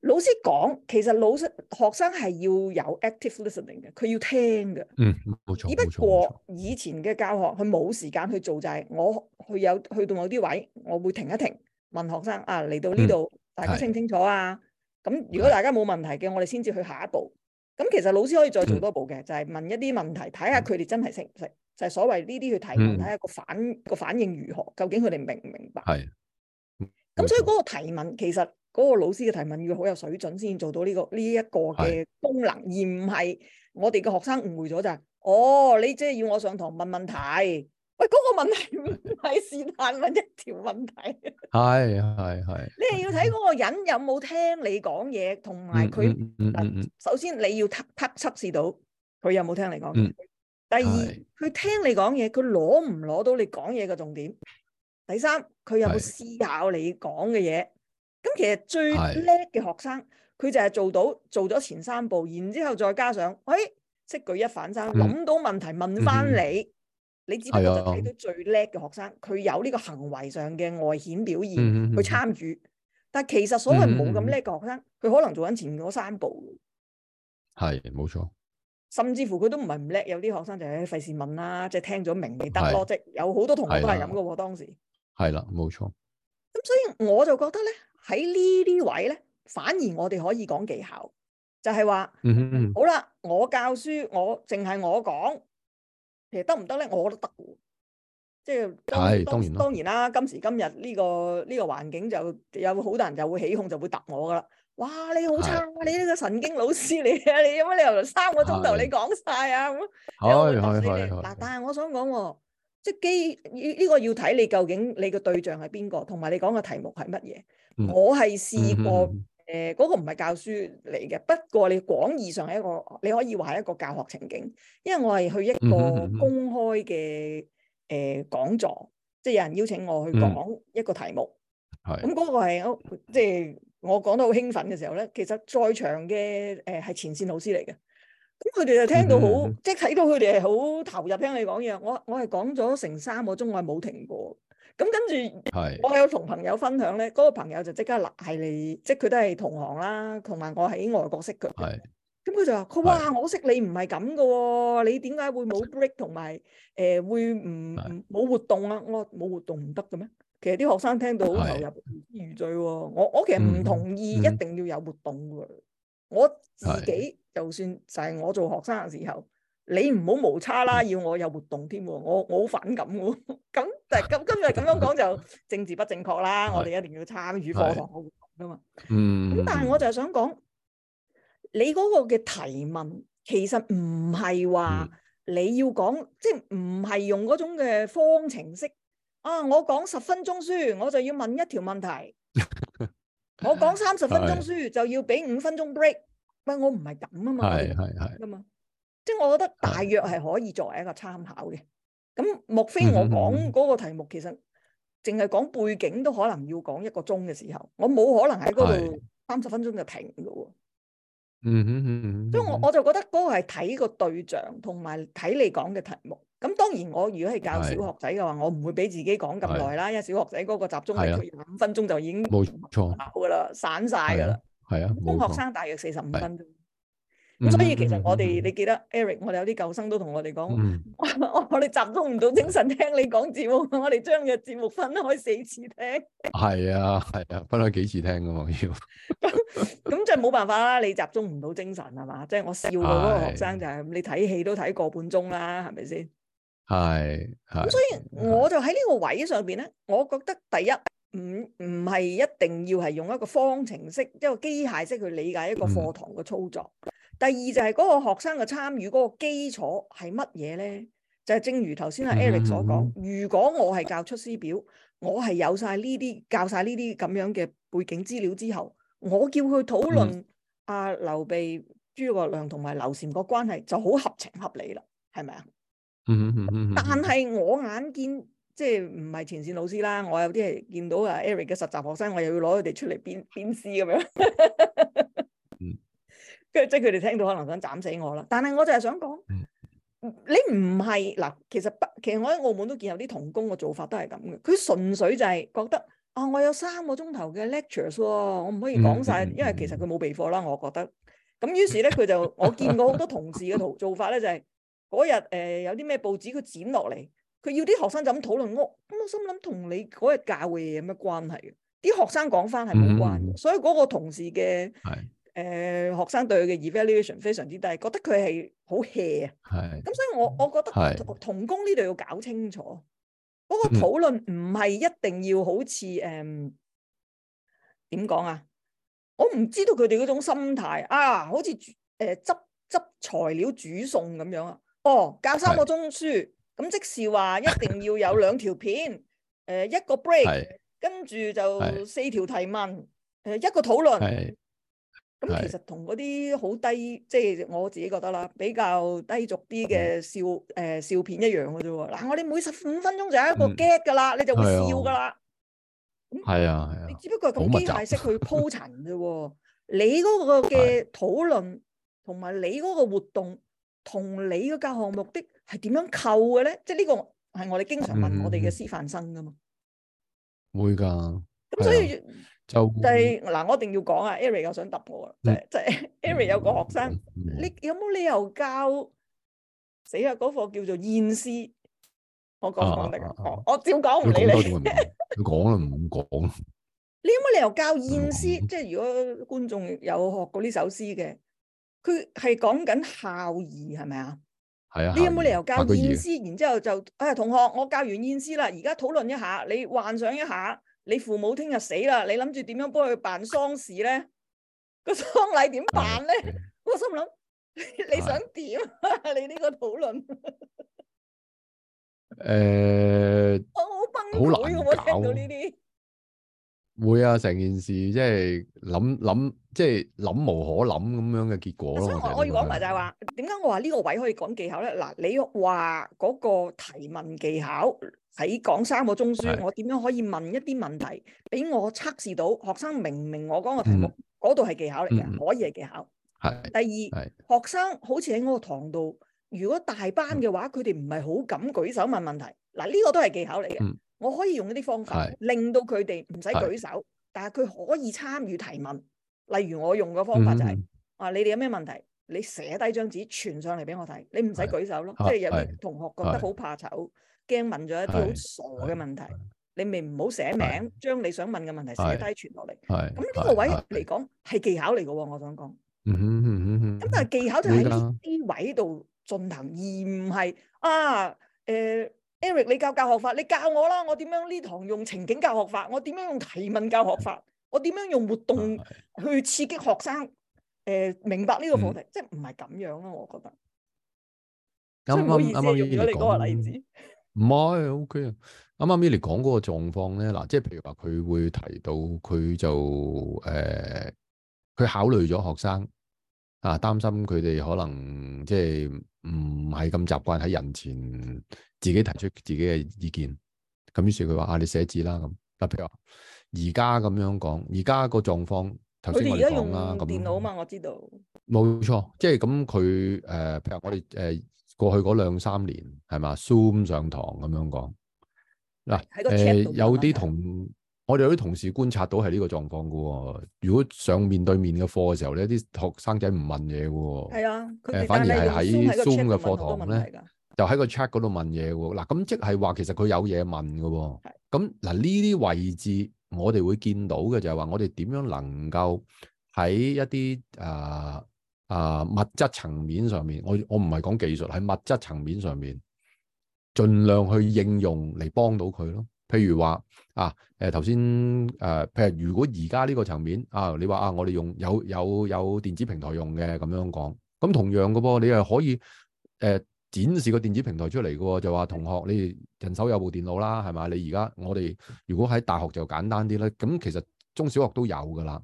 老師講，其實老師學生係要有 active listening 嘅，佢要聽嘅。嗯，冇錯。不過果錯以前嘅教學，佢冇時間去做，就係、是、我去有去到某啲位，我會停一停問學生啊，嚟到呢度、嗯、大家清唔清楚啊？咁的如果大家冇問題嘅，的我哋先至去下一步。咁其實老師可以再做多步嘅，嗯、就係問一啲問題，睇下佢哋真係識唔識，就係、是、所謂呢啲去提問，睇、嗯、下個反個反應如何，究竟佢哋明唔明白？係是。咁所以嗰個提問錯其實嗰個老師嘅提問要好有水準先做到呢、這個呢一、這個嘅功能，是而唔係我哋嘅學生誤會咗就係、是，哦，你即係要我上堂問問題。喂，嗰、那個問題唔係是但。問一條問題，係系係。你係要睇嗰個人有冇聽你講嘢，同埋佢。首先，你要測測測試到佢有冇聽你講嘢。嗯、第二，佢是聽你講嘢，佢攞唔攞到你講嘢嘅重點？第三，佢有冇思考你講嘅嘢？咁是其實最叻嘅學生，佢是就係做到做咗前三步，然之後再加上，喂，哎，即舉一反三，諗到問題，嗯、問翻你。嗯你只不過就睇到最叻嘅學生，佢、嗯、有呢個行為上嘅外顯表現去參與，嗯嗯、但係其實所謂冇咁叻嘅學生，佢、嗯、可能做緊前嗰三步嘅。係，冇錯。甚至乎佢都唔係唔叻，有啲學生就係費事問啦、啊，即係聽咗明咪得咯，即係有好多同學都係咁噶，的當時。係啦，冇錯。咁所以我就覺得咧，喺呢啲位咧，反而我哋可以講技巧，就係、是、話，嗯嗯、好啦，我教書，我淨係我講。其實得唔得咧？我覺得得喎，即係當然當然啦。今時今日呢個呢個環境就有好多人就會起鬨，就會揼我噶啦。哇！你好差，你呢個神經老師嚟嘅，你有乜理由三個鐘頭你講晒啊？咁好，好，好。嗱，但係我想講喎，即係基呢個要睇你究竟你嘅對象係邊個，同埋你講嘅題目係乜嘢。我係試過。誒嗰、呃那個唔係教書嚟嘅，不過你廣義上係一個，你可以話係一個教學情景，因為我係去一個公開嘅誒、呃、講座，即係有人邀請我去講一個題目，咁嗰、嗯、個係我即係我講得好興奮嘅時候咧，其實在場嘅誒係前線老師嚟嘅，咁佢哋就聽到好，嗯、即係睇到佢哋係好投入聽你講嘢，我我係講咗成三個鐘，我係冇停過。咁跟住，我有同朋友分享咧，嗰個朋友就即刻嗱，係你，即係佢都係同行啦，同埋我喺外國識佢。咁佢是就話：佢哇，是我識你唔係咁㗎喎，你點解會冇 break 同埋誒會唔冇是活動啊？我冇活動唔得嘅咩？其實啲學生聽到好投入，如醉喎。我我其實唔同意一定要有活動喎。我自己是就算就係我做學生嘅時候，你唔好無差啦，要我有活動添喎，我我好反感嘅。咁但係今今日咁樣講就政治不正確啦， 的我哋一定要參與課堂嘅活動噶嘛。嗯。咁但係我就係想講，你嗰個嘅提問其實唔係話你要講，即係唔係用嗰種嘅方程式啊？我講十分鐘書，我就要問一條問題；是的 我講三十分鐘書，的就要俾五分鐘 break。喂，我唔係咁啊嘛，係係係啊嘛。是的 的即係我覺得大約係可以作為一個參考嘅。咁莫非我講嗰個題目其實淨係講背景都可能要講一個鐘嘅時候，我冇可能喺嗰度三十分鐘就停嘅喎。嗯嗯嗯。所以我我就覺得嗰個係睇個對象同埋睇你講嘅題目。咁當然我如果係教小學仔嘅話，我唔會俾自己講咁耐啦，因為小學仔嗰個集中力佢五分鐘就已經冇錯㗎啦，散晒㗎啦。係啊，中學生大約四十五分鐘。嗯、所以其實我哋，你記得 Eric，我哋有啲舊生都同我哋講、嗯， 我我哋集中唔到精神聽你講節目，我哋將個節目分開四次聽。係啊，係啊，分開幾次聽噶嘛要。咁 咁就冇辦法啦，你集中唔到精神係嘛？即係、就是、我笑到嗰個學生就係、是，是你睇戲都睇個半鐘啦，係咪先？係。咁所以我就喺呢個位上邊咧，我覺得第一唔唔係一定要係用一個方程式一個機械式去理解一個課堂嘅操作。嗯第二就係嗰個學生嘅參與嗰個基礎係乜嘢咧？就係、是、正如頭先阿 Eric 所講， 如果我係教出師表，我係有晒呢啲教晒呢啲咁樣嘅背景資料之後，我叫佢討論阿劉備、諸葛亮同埋劉禪個關係，就好合情合理啦，係咪啊？嗯嗯嗯嗯。 但係我眼見即係唔係前線老師啦，我有啲係見到阿 Eric 嘅實習學生，我又要攞佢哋出嚟編編師咁樣。 即係佢哋聽到，可能想斬死我啦。但係我就係想講，你唔係嗱，其實不，其實我喺澳門都見有啲同工嘅做法都係咁嘅。佢純粹就係覺得啊、哦，我有三個鐘頭嘅 lectures、哦、我唔可以講晒，嗯嗯、因為其實佢冇備課啦。我覺得咁，於是咧佢就我見過好多同事嘅做法咧、就是，就係嗰日誒有啲咩報紙佢剪落嚟，佢要啲學生就咁討論我。我咁我心諗同你嗰日教嘅嘢有咩關係？啲學生講翻係冇關嘅，嗯、所以嗰個同事嘅係。誒、嗯、學生對佢嘅 evaluation 非常之低，覺得佢係好 hea 啊。係是。咁所以我我覺得同工呢度要搞清楚，嗰個是討論唔係一定要好似誒點講啊？我唔知道佢哋嗰種心態啊，好似誒執執材料煮餸咁樣啊。哦，教三個鐘書，咁、嗯、即是話一定要有兩條片，誒 對、呃、一個 break，跟住就四條提問對，誒一個討論。.咁其實同嗰啲好低，即係我自己覺得啦，比較低俗啲嘅笑誒笑片一樣嘅啫。嗱、like，我哋每十五分鐘就有一個 get 噶啦，你就會笑噶啦。係啊，係啊。你只不過係咁機械式去鋪陳啫。你嗰個嘅討論同埋你嗰個活動同你個教學目的係點樣扣嘅咧？即係呢個係我哋經常問我哋嘅師範生噶嘛。會噶。咁所以。就第嗱，我一定要講啊！Eric 我想答我啊。即係即係 Eric 有個學生，你有冇理由教死啊？嗰課叫做《燕詩》，我講唔得，我我照講唔理你。要講啊？唔好講。你有冇理由教燕詩？即係如果觀眾有學過呢首詩嘅，佢係講緊孝義，係咪啊？係啊。你有冇理由教燕詩？然之後就，誒，同學，我教完燕詩啦，而家討論一下，你幻想一下。你父母聽日死啦！你諗住點樣幫佢辦喪事咧？個喪禮點辦咧？我心諗你想點？你呢個討論誒，我好崩潰，好難搞呢啲。會啊！成件事即係諗諗，即係諗無可諗咁樣嘅結果咯。所以我我要講埋就係話，點解我話呢個位可以講技巧咧？嗱，你話嗰個提問技巧。喺講三個鐘書，我點樣可以問一啲問題，俾我測試到學生明唔明我講嘅題目？嗰度係技巧嚟嘅，可以係技巧。第二，學生好似喺我個堂度，如果大班嘅話，佢哋唔係好敢舉手問問題。嗱，呢個都係技巧嚟嘅。我可以用一啲方法令到佢哋唔使舉手，但係佢可以參與提問。例如我用嘅方法就係：啊，你哋有咩問題？你寫低張紙傳上嚟俾我睇，你唔使舉手咯。即係有啲同學覺得好怕醜。驚問咗一啲好傻嘅問題，你咪唔好寫名，將你想問嘅問題寫低傳落嚟。咁呢個位嚟講係技巧嚟嘅，我想講。咁但係技巧就喺呢啲位度進行，而唔係啊，誒，Eric，你教教學法，你教我啦，我點樣呢堂用情景教學法，我點樣用提問教學法，我點樣用活動去刺激學生誒，明白呢個課題，即係唔係咁樣咯？我覺得。咁我唔好意思，用咗你嗰個例子。唔係，O K 啊。啱啱 Milly 講嗰個狀況咧，嗱，即係譬如話佢會提到佢就誒，佢、呃、考慮咗學生啊，擔心佢哋可能即係唔係咁習慣喺人前自己提出自己嘅意見。咁於是佢話啊，你寫字啦咁。嗱，譬如話而家咁樣講，而家個狀況頭先我哋而家用，電腦啊嘛，樣我知道冇錯，即係咁佢誒，譬如話我哋誒。呃過去嗰兩三年係嘛 Zoom 上堂咁樣講嗱，誒有啲同我哋有啲同事觀察到係呢個狀況噶喎。如果上面對面嘅課嘅時候咧，啲學生仔唔問嘢噶喎，係啊，誒反而係喺 Zoom 嘅課堂咧，就喺個 chat 嗰度問嘢喎。嗱，咁即係話其實佢有嘢問噶喎。係咁嗱，呢啲位置我哋會見到嘅就係話我哋點樣能夠喺一啲誒。呃啊，物質層面上面，我我唔係講技術，喺物質層面上面，盡量去應用嚟幫到佢咯。譬如話啊，誒頭先誒，譬如如果而家呢個層面啊，你話啊，我哋用有有有電子平台用嘅咁樣講，咁同樣嘅噃，你又可以誒、呃、展示個電子平台出嚟嘅，就話同學你人手有部電腦啦，係咪？你而家我哋如果喺大學就簡單啲啦，咁其實中小學都有噶啦，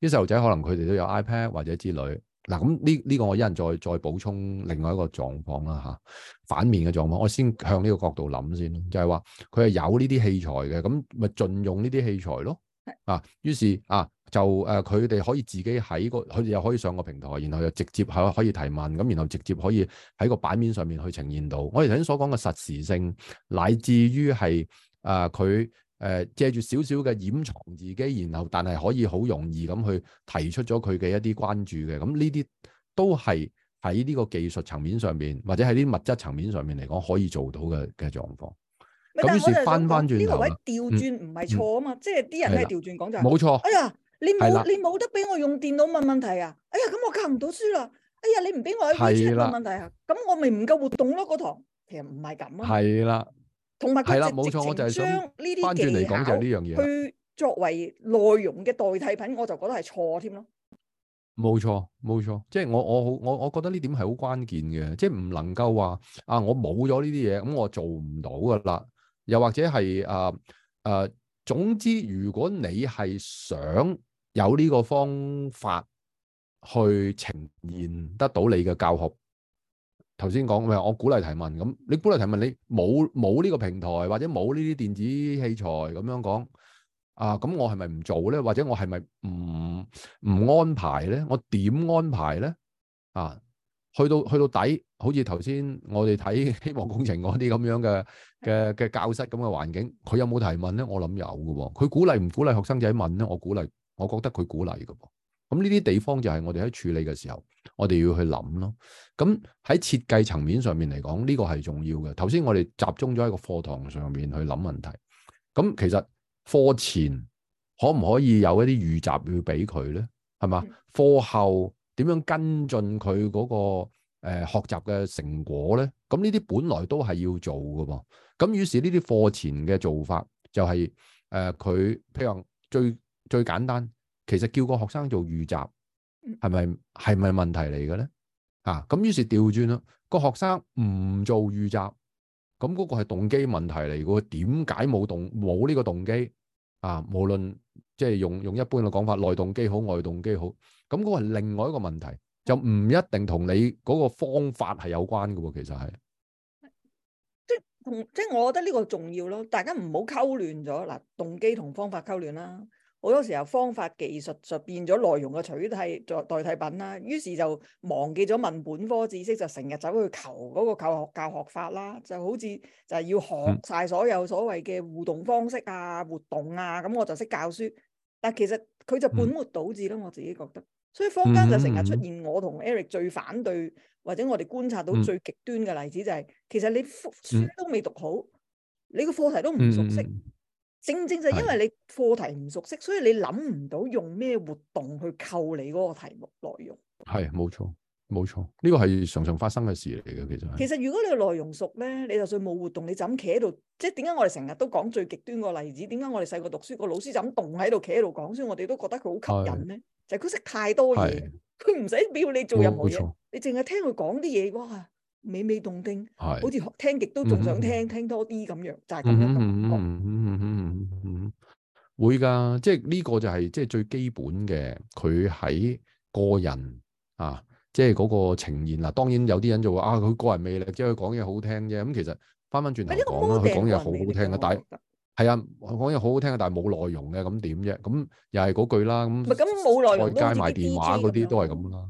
啲細路仔可能佢哋都有 iPad 或者之類。嗱，咁呢呢個我一人再再補充另外一個狀況啦嚇，反面嘅狀況，我先向呢個角度諗先，就係話佢係有呢啲器材嘅，咁咪盡用呢啲器材咯。啊，於是啊就誒，佢、啊、哋可以自己喺個佢哋又可以上個平台，然後又直接係可以提問，咁然後直接可以喺個版面上面去呈現到。我哋頭先所講嘅實時性，乃至於係誒佢。啊誒、呃，借住少少嘅掩藏自己，然後但係可以好容易咁去提出咗佢嘅一啲關注嘅，咁呢啲都係喺呢個技術層面上面，或者喺啲物質層面上面嚟講可以做到嘅嘅狀況。咁於是翻翻轉呢位位調轉唔係錯啊嘛，嗯、即係啲人都係調轉講就冇、是、錯。哎呀，你冇的你冇得俾我用電腦問問題啊！哎呀，咁我教唔到書啦！哎呀，你唔俾我喺 WeChat 問問題啊？咁我咪唔夠活動咯，個堂其實唔係咁啊。係啦的。的同埋即係直接將呢啲嘢佢作為內容嘅代替品，我就覺得係錯添咯。冇錯，冇錯，即係我我好我我覺得呢點係好關鍵嘅，即係唔能夠話啊，我冇咗呢啲嘢，咁我做唔到噶啦。又或者係啊啊，總之如果你係想有呢個方法去呈現得到你嘅教學。頭先講咪我鼓勵提問咁，你鼓勵提問，你冇冇呢個平台或者冇呢啲電子器材咁樣講啊？咁我係咪唔做咧？或者我係咪唔唔安排咧？我點安排咧？啊，去到去到底，好似頭先我哋睇希望工程嗰啲咁樣嘅嘅嘅教室咁嘅環境，佢有冇提問咧？我諗有噶喎，佢鼓勵唔鼓勵學生仔問咧？我鼓勵，我覺得佢鼓勵噶喎。咁呢啲地方就係我哋喺處理嘅時候，我哋要去諗咯。咁喺設計層面上面嚟講，呢、這個係重要嘅。頭先我哋集中咗喺個課堂上面去諗問題。咁其實課前可唔可以有一啲預習要俾佢咧？係嘛？課後點樣跟進佢嗰、那個誒、呃、學習嘅成果咧？咁呢啲本來都係要做㗎噃。咁於是呢啲課前嘅做法就係、是、誒，佢、呃、譬如最最簡單。其實叫個學生做預習係咪係咪問題嚟嘅咧？啊，咁於是調轉啦，個學生唔做預習，咁嗰個係動機問題嚟。如果點解冇動冇呢個動機啊？無論即係用用一般嘅講法，內動機好，外動機好，咁嗰個係另外一個問題就唔一定同你嗰個方法係有關嘅。其實係即係同即係我覺得呢個重要咯，大家唔好溝亂咗嗱，動機同方法溝亂啦。好多時候方法技術就變咗內容嘅取替代代替品啦，於是就忘記咗問本科知識，就成日走去求嗰個教學教學法啦，就好似就係要學晒所有所謂嘅互動方式啊、活動啊，咁我就識教書。但其實佢就本末倒置啦，我自己覺得。所以坊間就成日出現我同 Eric 最反對，或者我哋觀察到最極端嘅例子就係、是，其實你書都未讀好，你個課題都唔熟悉，正正就係因為你課題唔熟悉，是所以你諗唔到用咩活動去扣你嗰個題目內容。係冇錯，冇錯，呢個係常常發生嘅事嚟嘅其實。其實如果你個內容熟咧，你就算冇活動，你就咁企喺度，即係點解我哋成日都講最極端個例子？點解我哋細個讀書個老師就咁動喺度，企喺度講，所以我哋都覺得佢好吸引咧？是就係佢識太多嘢，佢唔使表你做任何嘢，錯你淨係聽佢講啲嘢，哇！美美動聽，係好似聽極都仲想聽，聽多啲咁樣，就係咁會噶，即係呢個就係即係最基本嘅，佢喺個人啊，即係嗰個呈現。嗱，當然有啲人就話啊，佢個人魅力，即係佢講嘢好聽啫。咁其實翻翻轉頭講，佢講嘢好好聽嘅，但係，係啊，講嘢好好聽嘅，但係冇內容嘅，咁點啫？咁又係嗰句啦。咁咁冇內容我介埋電話嗰啲都係咁啦。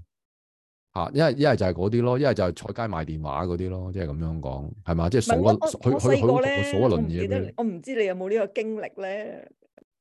啊！一係一係就係嗰啲咯，一係就係坐街賣電話嗰啲咯，即係咁樣講，係嘛？即係數一數佢數一輪嘢。我唔記得，我唔知你有冇呢個經歷咧。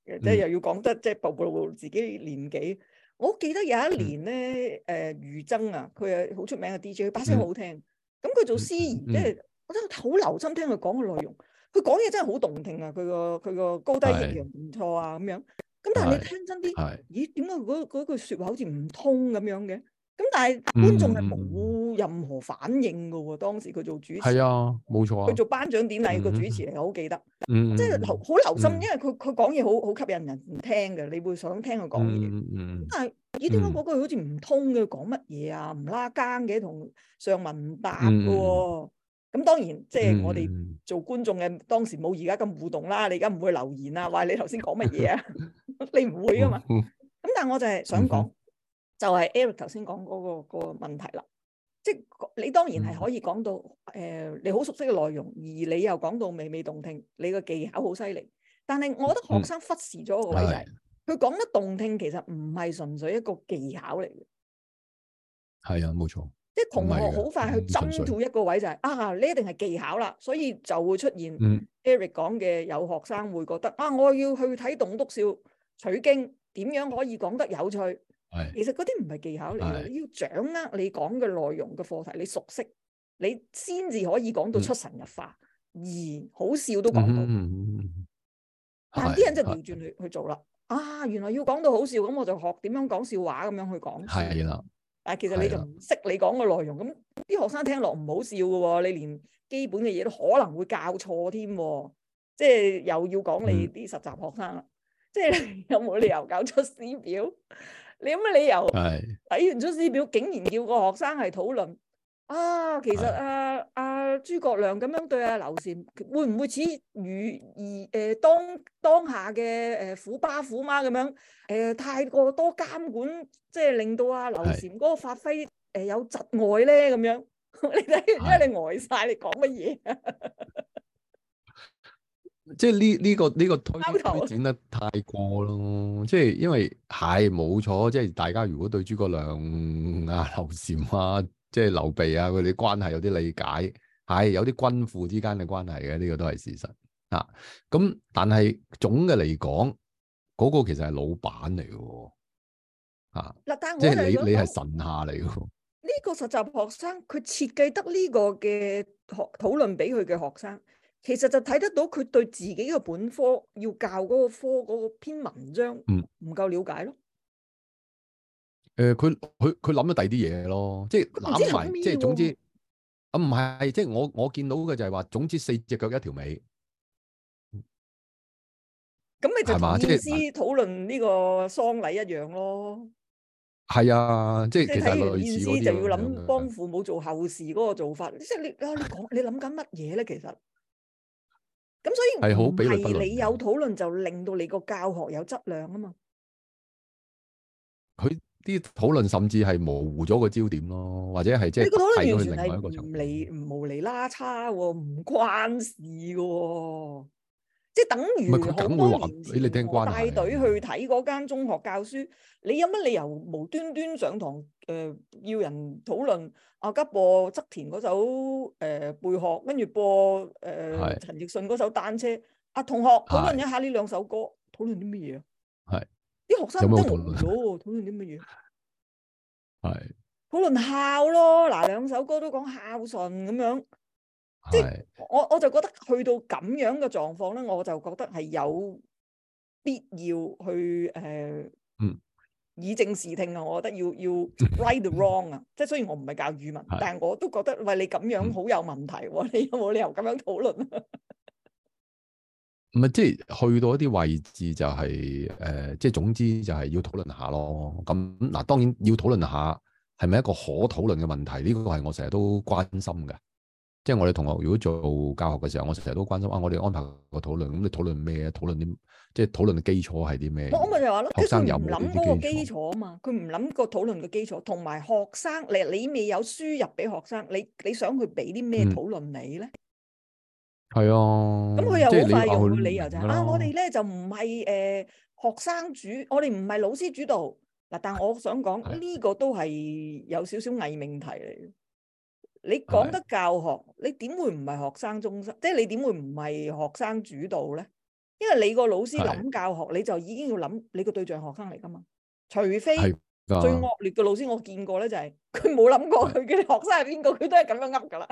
即係又要講得即係暴露自己年紀。我記得有一年咧，誒俞琤啊，佢係好出名嘅 DJ，把聲好好聽。咁佢做司儀，即係我真係好留心聽佢講嘅內容。佢講嘢真係好動聽啊！佢個佢個高低音又唔錯啊，咁樣。咁但係你聽真啲，咦？點解嗰嗰句説話好似唔通咁樣嘅？咁但係觀眾係冇任何反應噶喎，當時佢做主持係啊，冇錯啊。佢做頒獎典禮個主持嚟，我好記得，即係好好留心，因為佢佢講嘢好好吸引人聽嘅，你會想聽佢講嘢。但係咦，點解嗰句好似唔通嘅，講乜嘢啊？唔拉更嘅，同上文唔搭噶。咁當然即係我哋做觀眾嘅，當時冇而家咁互動啦。你而家唔會留言啊，話你頭先講乜嘢啊？你唔會噶嘛。咁但係我就係想講。就係 Eric 頭先講嗰個個問題啦，即係你當然係可以講到誒，你好熟悉嘅內容，而你又講到娓娓動聽，你個技巧好犀利。但係我覺得學生忽視咗個位就係，佢講得動聽其實唔係純粹一個技巧嚟嘅。係啊，冇錯。即係同學好快去針住一個位就係啊，呢一定係技巧啦，所以就會出現 Eric 講嘅，有學生會覺得啊，我要去睇《棟篤笑取經》，點樣可以講得有趣？其實嗰啲唔係技巧嚟，你要掌握你講嘅內容嘅課題，的你熟悉，你先至可以講到出神入化，嗯、而好笑都講到。嗯、但係啲人真係調轉去的去做啦。啊，原來要講到好笑，咁我就學點樣講笑話咁樣去講。係啦，但係其實你就唔識你講嘅內容，咁啲的學生聽落唔好笑噶喎。你連基本嘅嘢都可能會教錯添，即係又要講你啲實習學生啦、嗯，即係有冇理由搞出師表？ 你有乜理由睇的完出師表，竟然要個學生係討論啊？其實啊，阿諸的、啊、葛亮咁樣對阿劉禪，會唔會似如而誒當當下嘅誒、呃、虎爸虎媽咁樣誒、呃？太過多監管，即、就、係、是、令到阿劉禪嗰個發揮誒的、呃、有窒礙咧？咁樣 你睇，因為你呆晒，你講乜嘢啊？ 即係呢，呢個呢、這個推展得太過咯，即係因為係冇錯，即係大家如果對諸葛亮啊、劉禪啊、即係劉備啊佢哋關係有啲理解，係有啲君父之間嘅關係嘅，呢、這個都係事實啊。咁但係總嘅嚟講，嗰、那個其實係老闆嚟嘅，吓、啊、即係你我你係臣下嚟嘅。呢個實習學生，佢設計得呢個嘅學討論俾佢嘅學生。其實就睇得到佢對自己嘅本科要教嗰個科嗰個篇文章唔唔夠了解咯。誒、嗯，佢佢佢諗咗第二啲嘢咯，即係攬埋，即係總之啊，唔係即係我我見到嘅就係話，總之四隻腳一條尾。咁你就意思、就是、討論呢個喪禮一樣咯。係啊，即係其實意思就要諗幫父母做後事嗰個做法，即係你你講你諗緊乜嘢咧？其實。啊咁所以唔係你有討論就令到你個教學有質量啊嘛？佢啲討論甚至係模糊咗個焦點咯，或者係即係呢個討論完全係唔理唔無厘啦差喎，唔關事嘅喎。即係等於佢梗會話你聽帶隊去睇嗰間中學教書，你有乜理由無端端上堂？誒，要人討論？阿吉播側田嗰首誒《貝殼》，跟住播誒陳奕迅嗰首《單車》。阿同學討論一下呢兩首歌，討論啲乜嘢啊？係。啲學生真係討論咗，討論啲乜嘢？係。討論孝咯，嗱兩首歌都講孝順咁樣。即係我我就覺得去到咁樣嘅狀況咧，我就覺得係有必要去誒，呃嗯、以正視聽啊！我覺得要要 right the wrong 啊！嗯、即係雖然我唔係教語文，嗯、但係我都覺得喂，你咁樣好有問題喎、啊！你有冇理由咁樣討論、啊？唔 係即係去到一啲位置就係、是、誒、呃，即係總之就係要討論下咯。咁嗱，當然要討論下係咪一個可討論嘅問題？呢、呢個係我成日都關心嘅。即係我哋同學如果做教學嘅時候，我成日都關心啊！我哋安排個討論，咁你討論咩啊？討論啲即係討論嘅基礎係啲咩？我咪就話咯，學生唔諗嗰個基礎啊嘛，佢唔諗個討論嘅基礎，同埋學生，你你未有輸入俾學生，你你想佢俾啲咩討論你咧？係、嗯、啊，咁佢又好快用個理由就係啊，啊我哋咧就唔係誒學生主，我哋唔係老師主導嗱。但係我想講呢個都係有少少偽命題嚟。你講得教學，你點會唔係學生中心？即係你點會唔係學生主導咧？因為你個老師諗教學，你就已經要諗你個對象學生嚟㗎嘛。除非最惡劣嘅老師，我見過咧就係佢冇諗過佢嘅學生係邊個，佢都係咁樣噏㗎啦。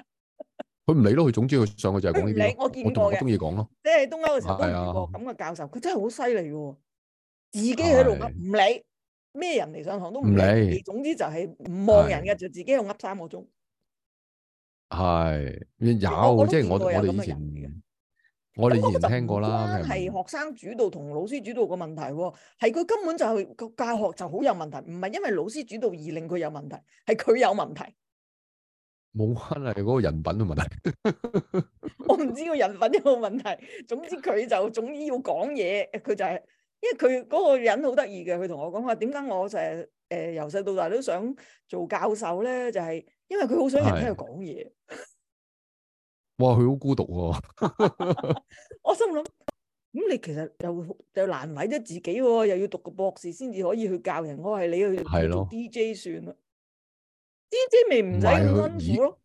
佢唔理咯，佢總之佢上去就係講呢個。我見過嘅，我中意講咯。即係東歐嘅時候都見過咁嘅教授，佢真係好犀利喎！自己喺度噏，唔理咩人嚟上堂都唔理，總之就係唔望人嘅就自己喺度噏三個鐘。係有，即係是我同我哋以前，我哋以前聽過啦，係咪？學生主導同老師主導個問、啊、問題，係佢根本就係、是、個教學就好有問題，唔係因為老師主導而令佢有問題，係佢有問題。冇關係，嗰、那個人品嘅問題。 我唔知個人品有冇問題，總之佢就總之要講嘢，佢就係、是，因為佢嗰個人好得意嘅，佢同我講話，點解我就係誒由細到大都想做教授咧？就係、是。因為佢好想有人聽佢講嘢。哇，佢好孤獨喎、啊！ 我心諗，咁你其實又又難為咗自己喎、啊，又要讀個博士先至可以去教人。我係你去的做 DJ 算啦，DJ 咪唔使咁辛苦咯。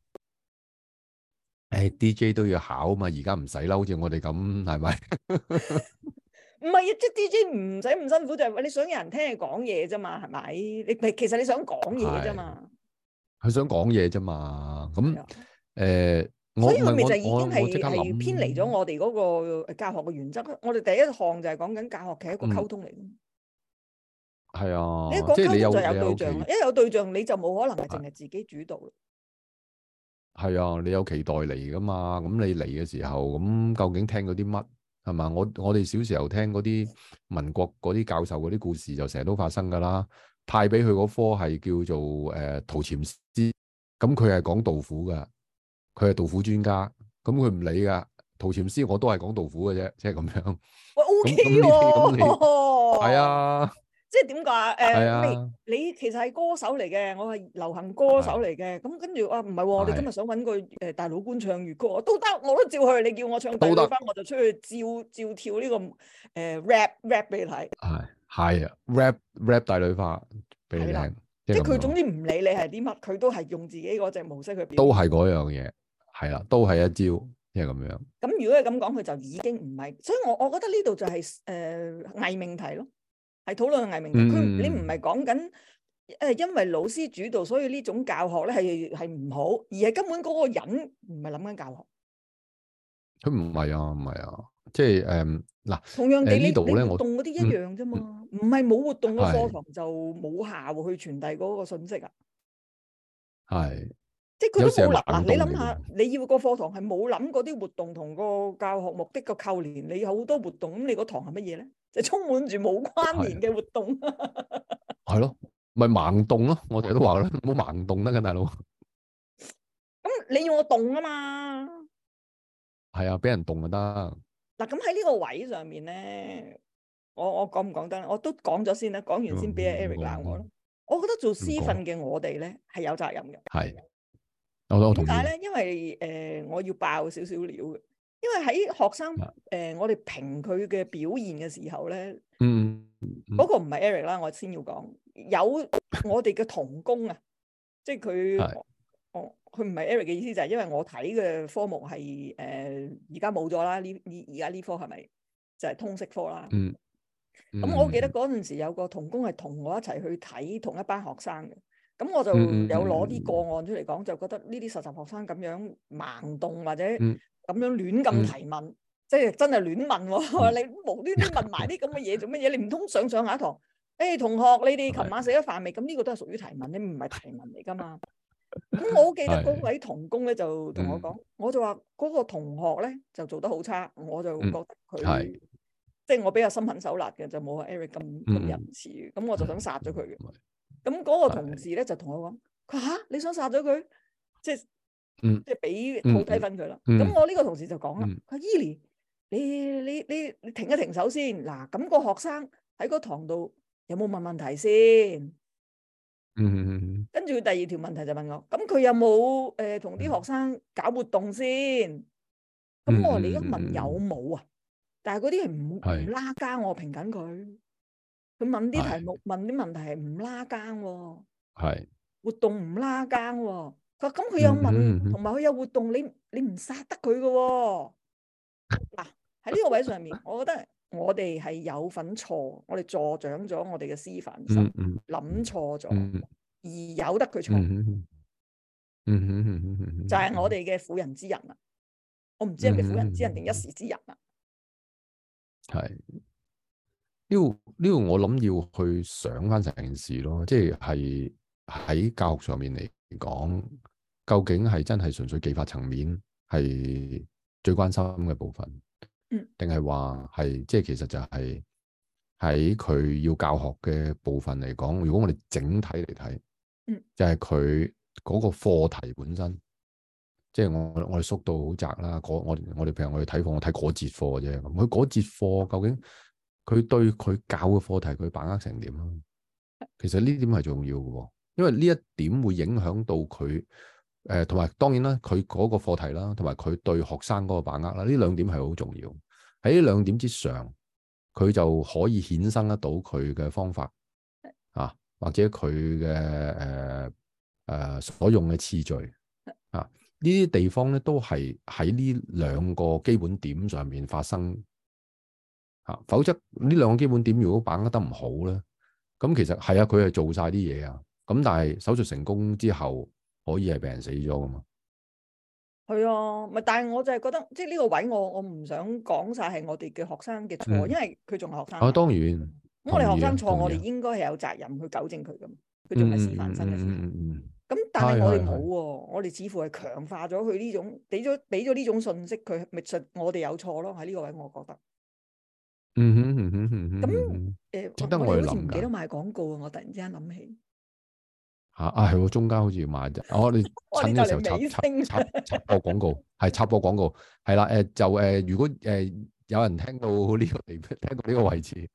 誒、哎、，DJ 都要考啊嘛，而家唔使啦，好似我哋咁係咪？唔係啊，即 係 DJ 唔使咁辛苦，就係、是、你想有人聽你講嘢啫嘛，係咪？你其實你想講嘢啫嘛。佢想講嘢啫嘛，咁誒，啊欸、所以我咪是我就已經係偏離咗我哋嗰個教學嘅原則。嗯、我哋第一項就係講緊教學，係一個溝通嚟咯。係啊，即係你講溝通就有對象，一有對象、啊、你就冇可能係淨係自己主導。係啊，你有期待嚟噶嘛？咁你嚟嘅時候，咁究竟聽嗰啲乜係嘛？我我哋小時候聽嗰啲民國嗰啲教授嗰啲故事，就成日都發生噶啦。派俾佢嗰科係叫做誒陶潛詩，咁佢係講杜甫噶，佢係杜甫專家，咁佢唔理噶。陶潛詩我都係講杜甫嘅啫，即係咁樣。喂，O K 喎，係、okay、啊、嗯，即係點解？啊、uh？誒，你你其實係歌手嚟嘅，我係流行歌手嚟嘅，咁跟住啊，唔係喎，是的 你今日想揾個誒是的、uh, 大老倌唱粵曲都得，我都照去。你叫我唱粵曲翻，我就出去照照，照跳呢、這個誒、呃、rap rap 俾你睇。係。係啊，rap rap 大女花俾你聽，即係佢總之唔理你係啲乜，佢都係用自己嗰隻模式去表。都係嗰樣嘢，係啦，都係一招，即係咁樣。咁如果係咁講，佢就已經唔係，所以我我覺得呢度就係誒偽命題咯，係討論偽命題。佢你唔係講緊誒，因為老師主導，所以呢種教學咧係係唔好，而係根本嗰個人唔係諗緊教學。佢唔係啊，唔係啊，即係誒嗱，同樣地，你你你動嗰啲一樣啫嘛。唔係冇活動嘅課堂的就冇效去傳遞嗰個信息啊！係的，即係佢都冇諗啊！你諗下，你要個課堂係冇諗嗰啲活動同個教學目的個扣連，你好多活動，咁你個堂係乜嘢咧？就充滿住冇關聯嘅活動，係咯的，咪、 就是、盲動咯！我哋都話啦，冇盲動得噶，大佬。咁你要我動啊嘛？係啊，俾人動就得。嗱，咁喺呢個位上面咧。我我講唔講得咧？我都講咗先啦、啊，講完先俾 Eric 鬧我咯。嗯嗯嗯、我覺得做師訓嘅我哋咧，係有責任嘅。係、嗯，同埋咧，因為誒我要爆少少料嘅，因為喺學生誒、呃、我哋評佢嘅表現嘅時候咧、嗯，嗯，嗰個唔係 Eric 啦，我先要講有我哋嘅同工啊，嗯嗯、即係佢，我佢唔係 Eric 嘅意思，就係因為我睇嘅科目係誒而家冇咗啦，呢呢而家呢科係咪就係、是、通識科啦、嗯？嗯。咁、嗯、我記得嗰陣時有個同工係同我一齊去睇同一班學生嘅，咁我就有攞啲個案出嚟講，嗯、就覺得呢啲實習學生咁樣盲動或者咁樣亂咁提問，嗯、即係真係亂問喎，你無端端問埋啲咁嘅嘢做乜嘢，你唔通上上下堂，誒、嗯欸，同學，你哋琴晚食咗飯未？咁呢、嗯、個都係屬於提問，你唔係提問嚟噶嘛？咁我好記得嗰位同工咧就同我講，嗯嗯、我就話嗰個同學咧就做得好差，我就覺得佢、嗯。嗯即係我比較心狠手辣嘅，就冇阿 Eric 咁咁仁慈嘅，咁、嗯、我就想殺咗佢嘅。咁嗰個同事咧就同我講：佢吓、啊、你想殺咗佢，即係即係俾鋪低分佢啦。咁我呢個同事就講啦：佢、嗯、Eli, 你你你，你停一停手先。嗱、啊，咁、那個學生喺個堂度有冇問問題先？嗯跟住佢第二條問題就問我：咁佢有冇誒同啲學生搞活動先？咁我話你而家問有冇啊？嗯嗯嗯但係嗰啲係唔唔拉更，我評緊佢。佢問啲題目，是問啲問題係唔拉更、哦，係是活動唔拉更、哦。佢咁佢有問，同埋佢有活動，你你唔殺得佢噶、哦。嗱喺呢個位上面，我覺得我哋係有份錯，我哋助長咗我哋嘅私憤心，諗、嗯、哼錯咗而由得佢錯。嗯嗯嗯就係我哋嘅婦人之仁。啦。我唔知係咪婦人之仁定一時之仁。啦。係呢度呢度，我諗要去想翻成件事咯，即係喺教學上面嚟講，究竟係真係純粹技法層面係最關心嘅部分，嗯，定係話係即係其實就係喺佢要教學嘅部分嚟講，如果我哋整體嚟睇，嗯，就係佢嗰個課題本身。即係我我哋縮到好窄啦，我我哋譬如我哋睇課，我睇嗰節課啫。咁佢嗰節課究竟佢對佢搞嘅課題佢把握成點啊？其實呢點係重要嘅，哦，因為呢一點會影響到佢誒，同、呃、埋當然啦，佢嗰個課題啦，同埋佢對學生嗰個把握啦，呢兩點係好重要。喺呢兩點之上，佢就可以衍生得到佢嘅方法啊，或者佢嘅誒誒所用嘅次序啊。呢啲地方咧都係喺呢兩個基本點上面發生嘅，否則呢兩個基本點如果把握得唔好咧，咁其實係啊，佢係做晒啲嘢啊，咁但係手術成功之後，可以係病人死咗㗎嘛？係啊，咪但係我就係覺得，即係呢個位我我唔想講晒係我哋嘅學生嘅錯，嗯、因為佢仲學生、嗯。啊，當然。咁我哋學生錯，我哋應該係有責任去糾正佢㗎嘛？佢仲係示範生嘅時候。嗯嗯嗯嗯。咁但係我哋冇喎，是是我哋似乎係強化咗佢呢種俾咗俾咗呢種信息，佢咪信我哋有錯咯？喺呢個位，我覺得。嗯哼嗯哼嗯哼。咁誒，值、呃、得、呃、我諗㗎。我好似唔記得賣廣告啊，啊，啊，啊，我突然之間諗起。嚇啊係喎，中間好似要賣啫。我哋趁嘅時候插插插播廣告，係插播廣告，係啦誒就誒、呃，如果誒有人聽到呢個地聽到呢個位置。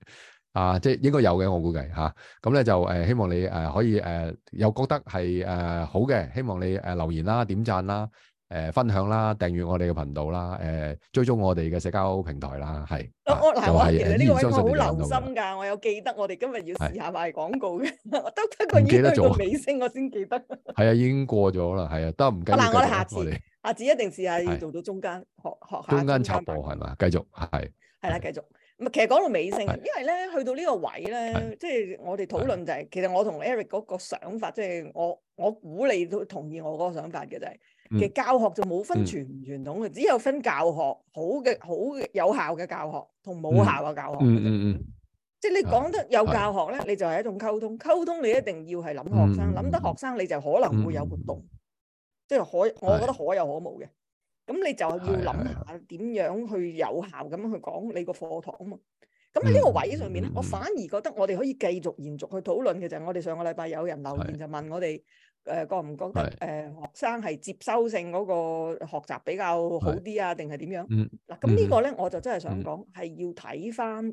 啊，即係應該有嘅，我估計吓，咁咧就誒，希望你誒可以誒，又覺得係誒好嘅，希望你誒留言啦、點讚啦、誒分享啦、訂閱我哋嘅頻道啦、誒追蹤我哋嘅社交平台啦，係。呢個位我好留心噶，我有記得我哋今日要試下賣廣告嘅，我都不過呢做尾聲我先記得。係啊，已經過咗啦，係啊，得唔緊要。嗱，我下次，下次一定試下做到中間，學學中間插播係嘛，繼續係。係啦，繼續。其實講到尾聲，因為咧去到呢個位咧，的即係我哋討論就係、是，其實我同 Eric 嗰個想法，即、就、係、是、我我估你都同意我嗰個想法嘅就係、是，其實、嗯、教學就冇分傳唔傳統嘅，嗯、只有分教學好嘅、好，好，好有效嘅教學同冇效嘅教學、嗯、即係你講得有教學咧，的你就係一種溝通，溝通你一定要係諗學生，諗得、嗯、學生你就可能會有活動，嗯、即係可我覺得可有可無嘅。咁你就要諗下點樣去有效咁去講你個課堂啊嘛。咁喺呢個位上面咧，嗯、我反而覺得我哋可以繼續延續去討論嘅就係我哋上個禮拜有人留言就問我哋誒是、呃、覺唔覺得誒是、呃、學生係接收性嗰個學習比較好啲啊，定係點樣？嗱、嗯，咁呢個咧我就真係想講係、嗯、要睇翻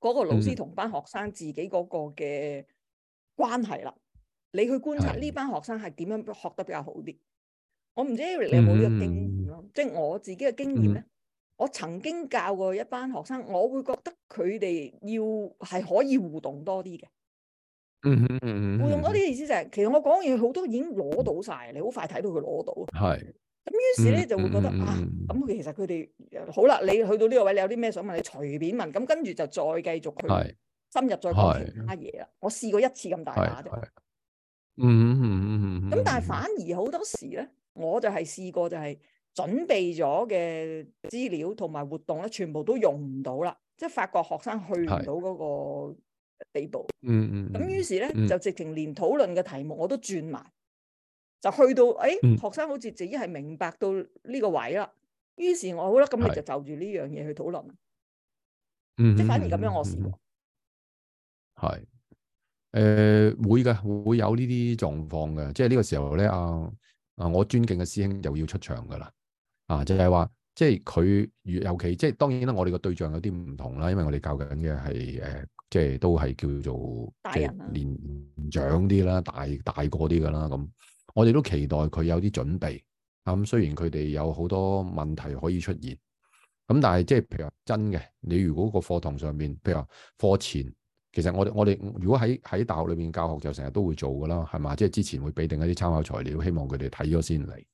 嗰個老師同班學生自己嗰個嘅關係啦。嗯、你去觀察呢班學生係點樣學得比較好啲？我唔知你有冇呢個經驗咯，即係我自己嘅經驗咧，我曾經教過一班學生，我會覺得佢哋要係可以互動多啲嘅。嗯嗯嗯嗯。互動多啲嘅意思就係，其實我講嘢好多已經攞到晒，你好快睇到佢攞到。係。咁於是咧就會覺得啊，咁其實佢哋好啦，你去到呢個位，你有啲咩想問，你隨便問，咁跟住就再繼續去深入再講其他嘢啦。我試過一次咁大把啫。嗯嗯嗯嗯。咁但係反而好多時咧。我就係試過，就係準備咗嘅資料同埋活動咧，全部都用唔到啦。即係發覺學生去唔到嗰個地步。嗯嗯。咁、嗯、於是咧，嗯、就直情連討論嘅題目我都轉埋，就去到誒、哎、學生好似自己係明白到呢個位啦。嗯、於是我好得咁，你就就住呢樣嘢去討論。嗯。即反而咁樣，我試過。係。誒、呃、會嘅，會有呢啲狀況嘅。即係呢個時候咧，啊。啊！我尊敬嘅師兄又要出場噶啦，啊就係、是、話，即係佢，尤其即係當然啦，我哋個對象有啲唔同啦，因為我哋教緊嘅係誒，即係都係叫做大、啊、即年長啲啦，大大個啲噶啦咁，我哋都期待佢有啲準備啊咁、嗯，雖然佢哋有好多問題可以出現，咁、嗯、但係即係譬如話真嘅，你如果個課堂上面譬如話課前，其實我哋我哋如果喺喺大學裏邊教學就成日都會做噶啦，係嘛？即係之前會俾定一啲參考材料，希望佢哋睇咗先嚟。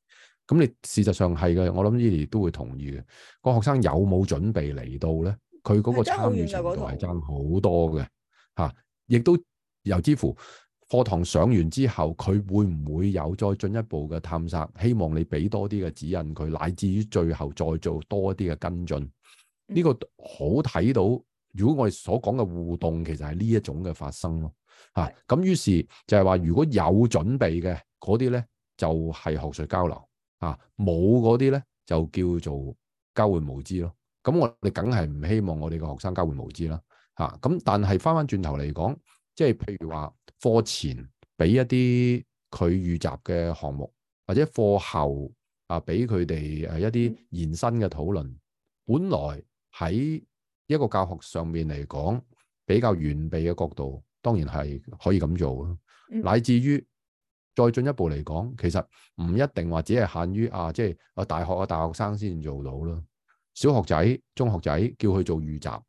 咁你事實上係嘅，我諗呢 l 都會同意嘅。那個學生有冇準備嚟到咧？佢嗰個參與程度係差好多嘅，吓、啊，亦都由之乎課堂上完之後，佢會唔會有再進一步嘅探索？希望你俾多啲嘅指引佢，乃至於最後再做多啲嘅跟進。呢、這個好睇到。如果我哋所講嘅互動其實係呢一種嘅發生咯，嚇、啊、咁於是就係話如果有準備嘅嗰啲咧，就係、是、學術交流，嚇冇嗰啲咧就叫做交換無知咯。咁我哋梗係唔希望我哋嘅學生交換無知啦，嚇、啊、咁。但係翻翻轉頭嚟講，即係譬如話課前俾一啲佢預習嘅項目，或者課後啊俾佢哋誒一啲延伸嘅討論，本來喺一個教學上面嚟講，比較完備嘅角度，當然係可以咁做咯。嗯、乃至於再進一步嚟講，其實唔一定話只係限於啊，即係啊大學嘅大學生先做到咯。小學仔、中學仔叫佢做預習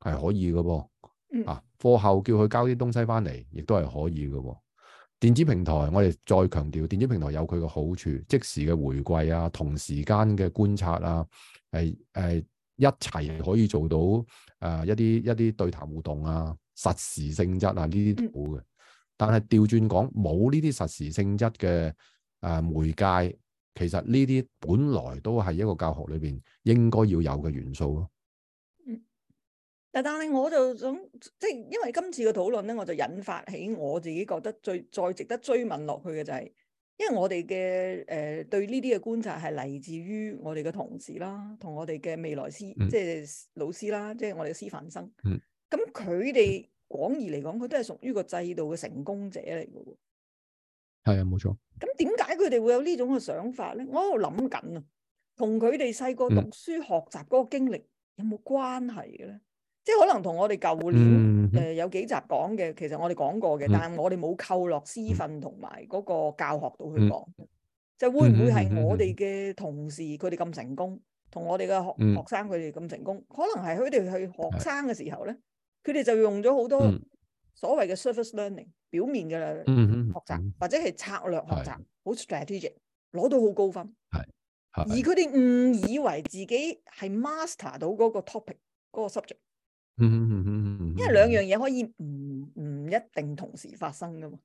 係可以嘅噃。啊，課後叫佢交啲東西翻嚟，亦都係可以嘅。電子平台我哋再強調，電子平台有佢嘅好處，即時嘅回饋啊，同時間嘅觀察啊，係、欸、誒。欸一齊可以做到誒、呃、一啲一啲對談互動啊，實時性質啊呢啲都好嘅。但係調轉講冇呢啲實時性質嘅誒、呃、媒介，其實呢啲本來都係一個教學裏邊應該要有嘅元素咯、啊。嗯，但係我就想即係、就是、因為今次嘅討論咧，我就引發起我自己覺得最再值得追問落去嘅就係、是。因為我哋嘅誒對呢啲嘅觀察係嚟自於我哋嘅同事啦，同我哋嘅未來師，嗯、即係老師啦，即係我哋嘅師範生。咁佢哋廣義嚟講，佢、嗯、都係屬於個制度嘅成功者嚟嘅喎。係啊，冇錯。咁點解佢哋會有呢種嘅想法咧？我喺度諗緊啊，同佢哋細個讀書、嗯、學習嗰個經歷有冇關係嘅咧？即係可能同我哋舊年誒、呃、有幾集講嘅，其實我哋講過嘅，但係我哋冇扣落師訓同埋嗰個教學度去講，嗯、就會唔會係我哋嘅同事佢哋咁成功，同我哋嘅學學生佢哋咁成功？可能係佢哋去學生嘅時候咧，佢哋的就用咗好多所謂嘅 surface learning、嗯、表面嘅啦學習，嗯、或者係策略學習，好的 strategic 攞到好高分。係的，而佢哋誤以為自己係 master 到嗰個 topic 嗰個 subject。嗯嗯嗯嗯，因為兩樣嘢可以唔唔一定同時發生㗎嘛。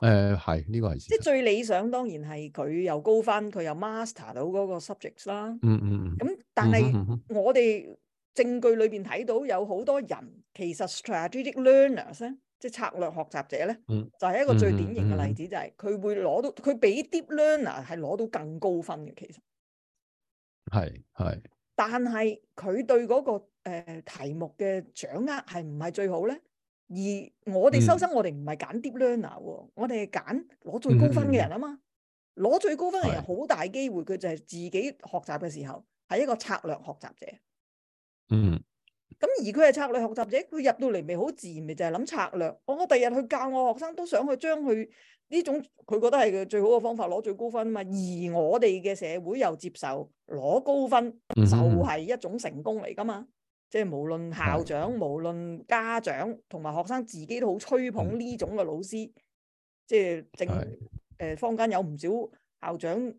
誒，係呢個係，即係最理想當然係佢又高分，佢又 master 到嗰個 subjects 啦。嗯嗯咁那 但係我哋證據裏邊睇到有好多人，其實 strategic learners 咧，即係策略學習者咧，就係、是、一個最典型嘅例子， 就係佢會攞到佢俾 deep learner 係攞到更高分嘅，其實係係。但係佢對嗰、那個。誒、呃、題目嘅掌握係唔係最好咧？而我哋收生，嗯、我哋唔係揀 deep learner，我哋係揀攞最高分嘅人啊嘛！攞、嗯、最高分嘅人好是大機會，佢就係自己學習嘅時候係一個策略學習者。嗯。咁而佢係策略學習者，佢入到嚟咪好自然，咪就係、是、諗策略。我我第日去教我學生，都想去將佢呢種佢覺得係佢最好嘅方法攞最高分啊嘛。而我哋嘅社會又接受攞高分就係一種成功嚟㗎嘛。嗯嗯即係無論校長、的無論家長同埋學生自己都好吹捧呢種嘅老師，的即係正誒坊間有唔少校長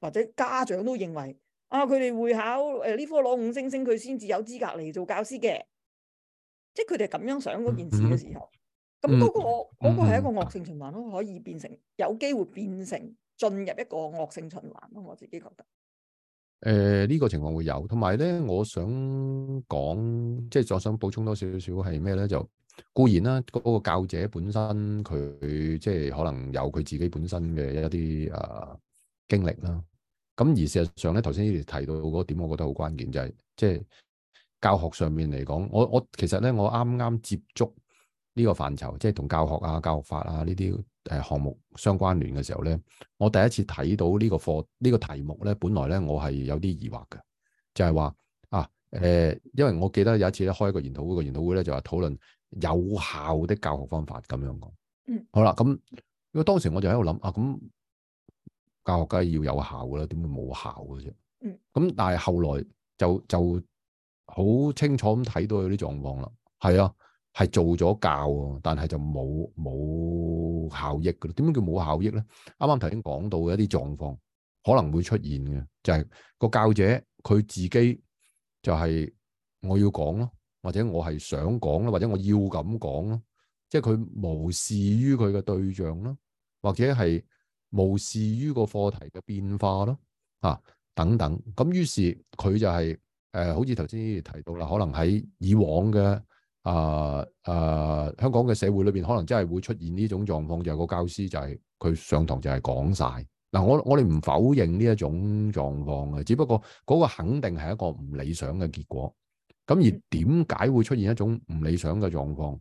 或者家長都認為，啊佢哋會考誒呢、呃、科攞五星星，佢先至有資格嚟做教師嘅。即係佢哋咁樣想嗰件事嘅時候，咁嗰、嗯嗰個嗰係、嗯、一個惡性循環咯，可以變成有機會變成進入一個惡性循環咯，我自己覺得。誒，呢、呃這個情況會有，同埋咧，我想講，即係再想補充多少少係咩咧？就固然啦、啊，嗰、那個教者本身佢即係可能有佢自己本身嘅一啲誒、啊、經歷啦、啊。咁而事實上咧，頭先提到嗰點，我覺得好關鍵就係，即係教學上面嚟講，我我其實咧，我啱啱接觸呢個範疇，即係同教學啊、教學法啊呢啲。誒項目相關聯嘅時候咧，我第一次睇到呢個課呢個題目咧，本來咧我係有啲疑惑嘅，就係話啊誒，因為我記得有一次咧開一個研討會，個研討會咧就話討論有效的教學方法咁樣講。嗯。好啦，咁因為當時我就喺度諗啊，咁教學梗係要有效嘅啦，點會冇效嘅啫？嗯。咁但係後來就就好清楚咁睇到有啲狀況啦，係啊。係做咗教，但係就冇冇效益噶咯。點樣叫冇效益咧？啱啱頭先講到嘅一啲狀況可能會出現嘅，就係、是、個教者佢自己就係我要講咯，或者我係想講咯，或者我要咁講咯，即係佢無視於佢嘅對象咯，或者係無視於個課題嘅變化咯，啊等等。咁、嗯、於是佢就係、是、誒、呃，好似頭先提到啦，可能喺以往嘅。啊啊！Uh, uh, 香港嘅社會裏邊可能真係會出現呢種狀況，就係個教師就係佢上堂就係講晒。嗱、啊。我我哋唔否認呢一種狀況嘅，只不過嗰個肯定係一個唔理想嘅結果。咁而點解會出現一種唔理想嘅狀況？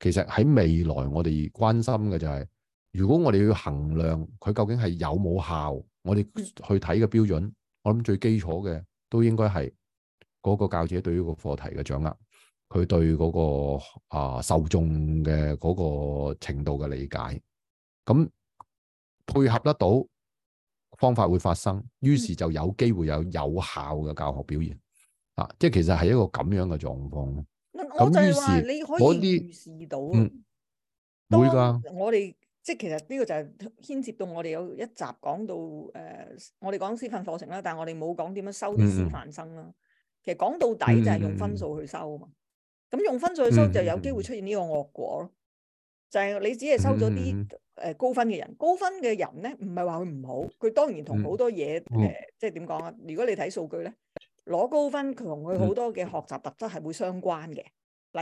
其實喺未來我哋關心嘅就係，如果我哋要衡量佢究竟係有冇效，我哋去睇嘅標準，我諗最基礎嘅都應該係嗰個教者對於個課題嘅掌握。佢對嗰、那個啊、呃、受眾嘅嗰個程度嘅理解，咁配合得到方法會發生，於是就有機會有有效嘅教學表現啊！即係其實係一個咁樣嘅狀況咯。咁於我是嗰啲、嗯、會㗎的。我哋即係其實呢個就係牽涉到我哋有一集講到誒、呃，我哋講師訓課程啦，但係我哋冇講點樣收啲師範生啦。嗯、其實講到底就係用分數去收啊嘛。嗯咁用分數去收就有機會出現呢個惡果咯，嗯、就係你只係收咗啲誒高分嘅人，嗯、高分嘅人咧唔係話佢唔好，佢當然同好多嘢誒、嗯呃，即係點講啊？如果你睇數據咧，攞高分佢同佢好多嘅學習特質係會相關嘅，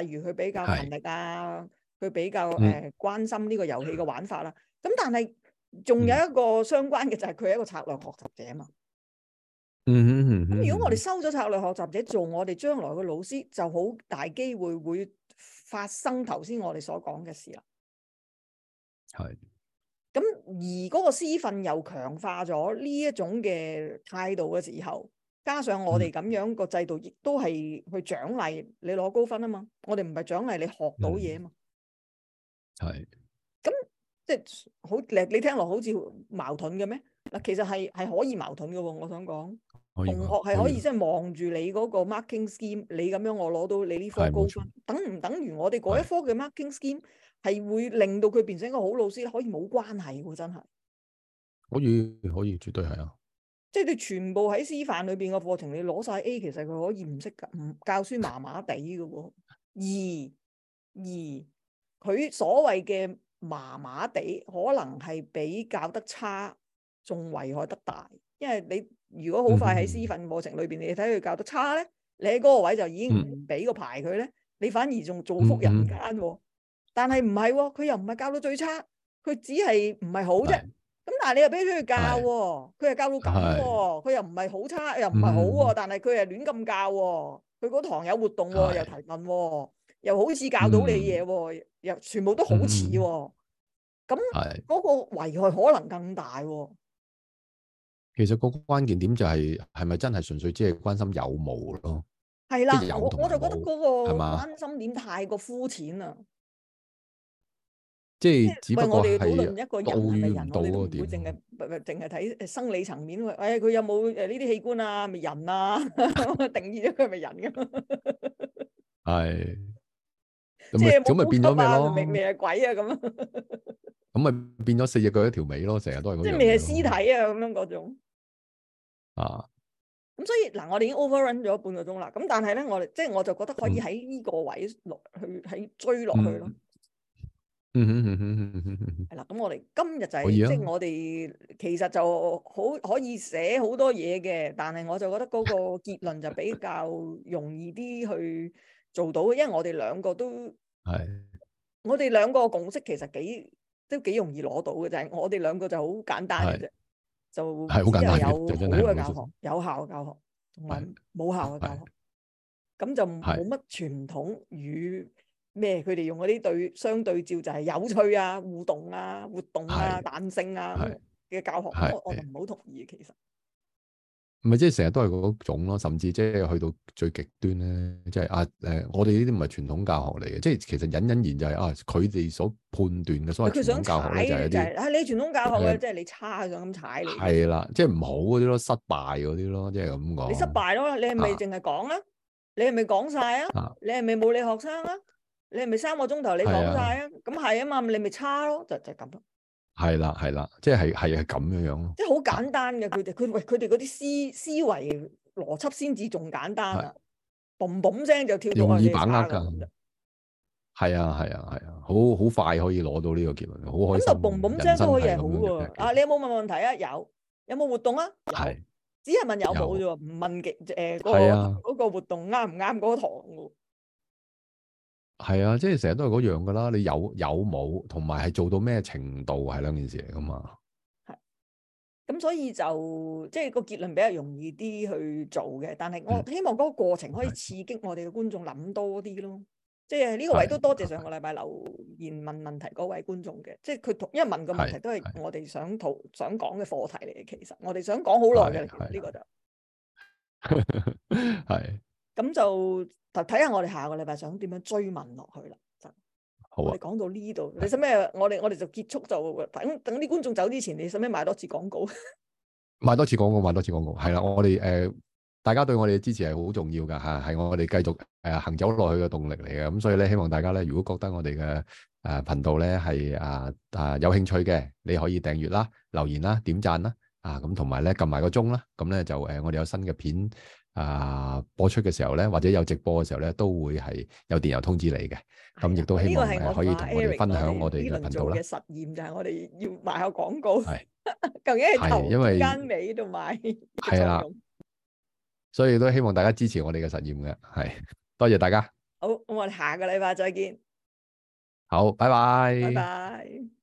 例如佢比較勤力啊，佢是比較誒、嗯呃、關心呢個遊戲嘅玩法啦。咁但係仲有一個相關嘅、嗯、就係佢係一個策略學習者啊嘛。嗯哼，咁、嗯、哼如果我哋收咗策略學習者做我哋將來嘅老師，就好大機會會發生頭先我哋所講嘅事啦。係的，咁而嗰個師訓又強化咗呢一種嘅態度嘅時候，加上我哋咁樣個制度，亦都係去獎勵你攞高分啊嘛。嗯、我哋唔係獎勵你學到嘢啊嘛。係的，咁即係好，你聽落好似矛盾嘅咩？嗱，其實係係可以矛盾嘅、啊，我想講。同學係可以,可以即係望住你嗰個 marking scheme，你咁樣我攞到你呢科高分，錯等唔等如我哋嗰一科嘅 marking scheme 係是會令到佢變成一個好老師，可以冇關係，真係可以可以，絕對係啊！即係你全部喺師範裏邊嘅課程，你攞晒 A，其實佢可以唔識教，唔教書麻麻地嘅喎。而而佢所謂嘅麻麻地，可能係比較得差，仲危害得大，因為你。如果好快喺私訓課程裏邊，嗯、你睇佢教得差咧，你喺嗰個位就已經唔俾個牌佢咧，嗯、你反而仲造福人間、哦。但係唔係喎，佢又唔係教到最差，佢只係唔係好啫。咁是但係你又俾咗佢教、哦，佢係教到咁，佢又唔係好差，是又唔係好、哦，但係佢係亂咁教、哦，佢嗰堂有活動、哦，是又提問、哦，又好似教到你嘢、哦是，又全部都好似、哦。咁嗰、哦、個危害可能更大、哦。其實個關鍵點就係係咪真係純粹只係關心有冇咯？係啦，我我就覺得嗰個關心點太過膚淺啦。即係只不過係。遇到嗰點。淨係淨係睇生理層面，哎呀佢有冇誒呢啲器官啊？咪人啊？定義咗佢係咪人㗎？係。即係咁咪變咗咩咯？咪咪係鬼啊咁？咁咪變咗四隻腳一條尾咯？成日都係嗰種。即係咪係屍體啊？咁樣嗰種。啊，咁所、就是、 以嗱，我哋已經 overrun 咗半個鐘啦。咁但係咧，我哋即係我就覺得可以喺呢個位落去，喺追落去咯。嗯哼哼哼。係啦，咁我哋今日就係，即係我哋其實就好可以寫好多嘢嘅，但係我就覺得嗰個結論就比較容易啲去做到，因為我哋兩個都係， 我哋兩個共識其實幾都幾容易攞到嘅，就係、是、我哋兩個就好簡單嘅啫。就即係有好嘅教學，有效嘅教學，同埋冇效嘅教學，咁是就冇乜傳統與咩？佢哋用嗰啲對是相對照就係有趣啊、互動啊、活動啊、彈是性啊嘅是教學，我是我唔好同意，其實。唔係即係成日都係嗰種咯、啊，甚至即係去到最極端咧，即、就、係、是、啊誒、呃，我哋呢啲唔係傳統教學嚟嘅，即係其實隱隱然就係、是、啊，佢哋所判斷嘅所謂傳統教學咧，就係一啲係你傳統教學嘅，啊、即係你差咁踩你係啦，即係唔好嗰啲咯，失敗嗰啲咯，即係咁講。你失敗咯，你係咪淨係講啊？你係咪講晒啊？你係咪冇理學生啊？你係咪三個鐘頭你講晒啊？咁係啊嘛，你咪差咯，就就係咁、是。係啦係啦，即係係係咁樣樣咯，即係好簡單嘅，佢哋佢喂佢哋嗰啲思思維邏輯先至仲簡單啊，嘣嘣聲就跳開嘅差。容易把握噶，係啊係啊係啊，好好快可以攞到呢個結論，好開心。咁就嘣嘣聲都可以好喎，啊你有冇問問題啊？有有冇活動啊？係只係問有冇啫，唔問極誒嗰個嗰個活動啱唔啱嗰個堂？係啊，即係成日都係嗰樣噶啦。你有有冇，同埋係做到咩程度，係兩件事嚟噶嘛。係，咁所以就即係個結論比較容易啲去做嘅。但係我希望嗰個過程可以刺激我哋嘅觀眾諗多啲咯。是即係呢個位都多謝上個禮拜留言問問題嗰位觀眾嘅。即係佢同因為問個問題都係我哋想討想講嘅課題嚟嘅。其實我哋想講好耐嘅。呢個就係。係。咁就。睇下我哋下個禮拜想點樣追問落去啦，就好啊！講到呢度，你使咩？我哋我哋就結束就等，等等啲觀眾走之前，你使咩買,買多次廣告？買多次廣告，買多次廣告，係啦！我哋誒、呃、大家對我哋嘅支持係好重要㗎嚇，係我哋繼續誒行走落去嘅動力嚟嘅。咁所以咧，希望大家咧，如果覺得我哋嘅誒頻道咧係啊啊有興趣嘅，你可以訂閱啦、留言啦、點讚啦，啊咁同埋咧撳埋個鐘啦。咁咧就誒、呃，我哋有新嘅片。啊！播出嘅時候咧，或者有直播嘅時候咧，都會係有電郵通知你嘅。咁亦的都希望係、呃、可以同我哋分享我哋呢個頻道啦。嘅實驗就係我哋要賣下廣告，的 究竟係是頭尾到賣。係啦， 的所以都希望大家支持我哋嘅實驗嘅，係多謝大家。好，我哋下個禮拜再見。好，拜。拜拜。拜拜。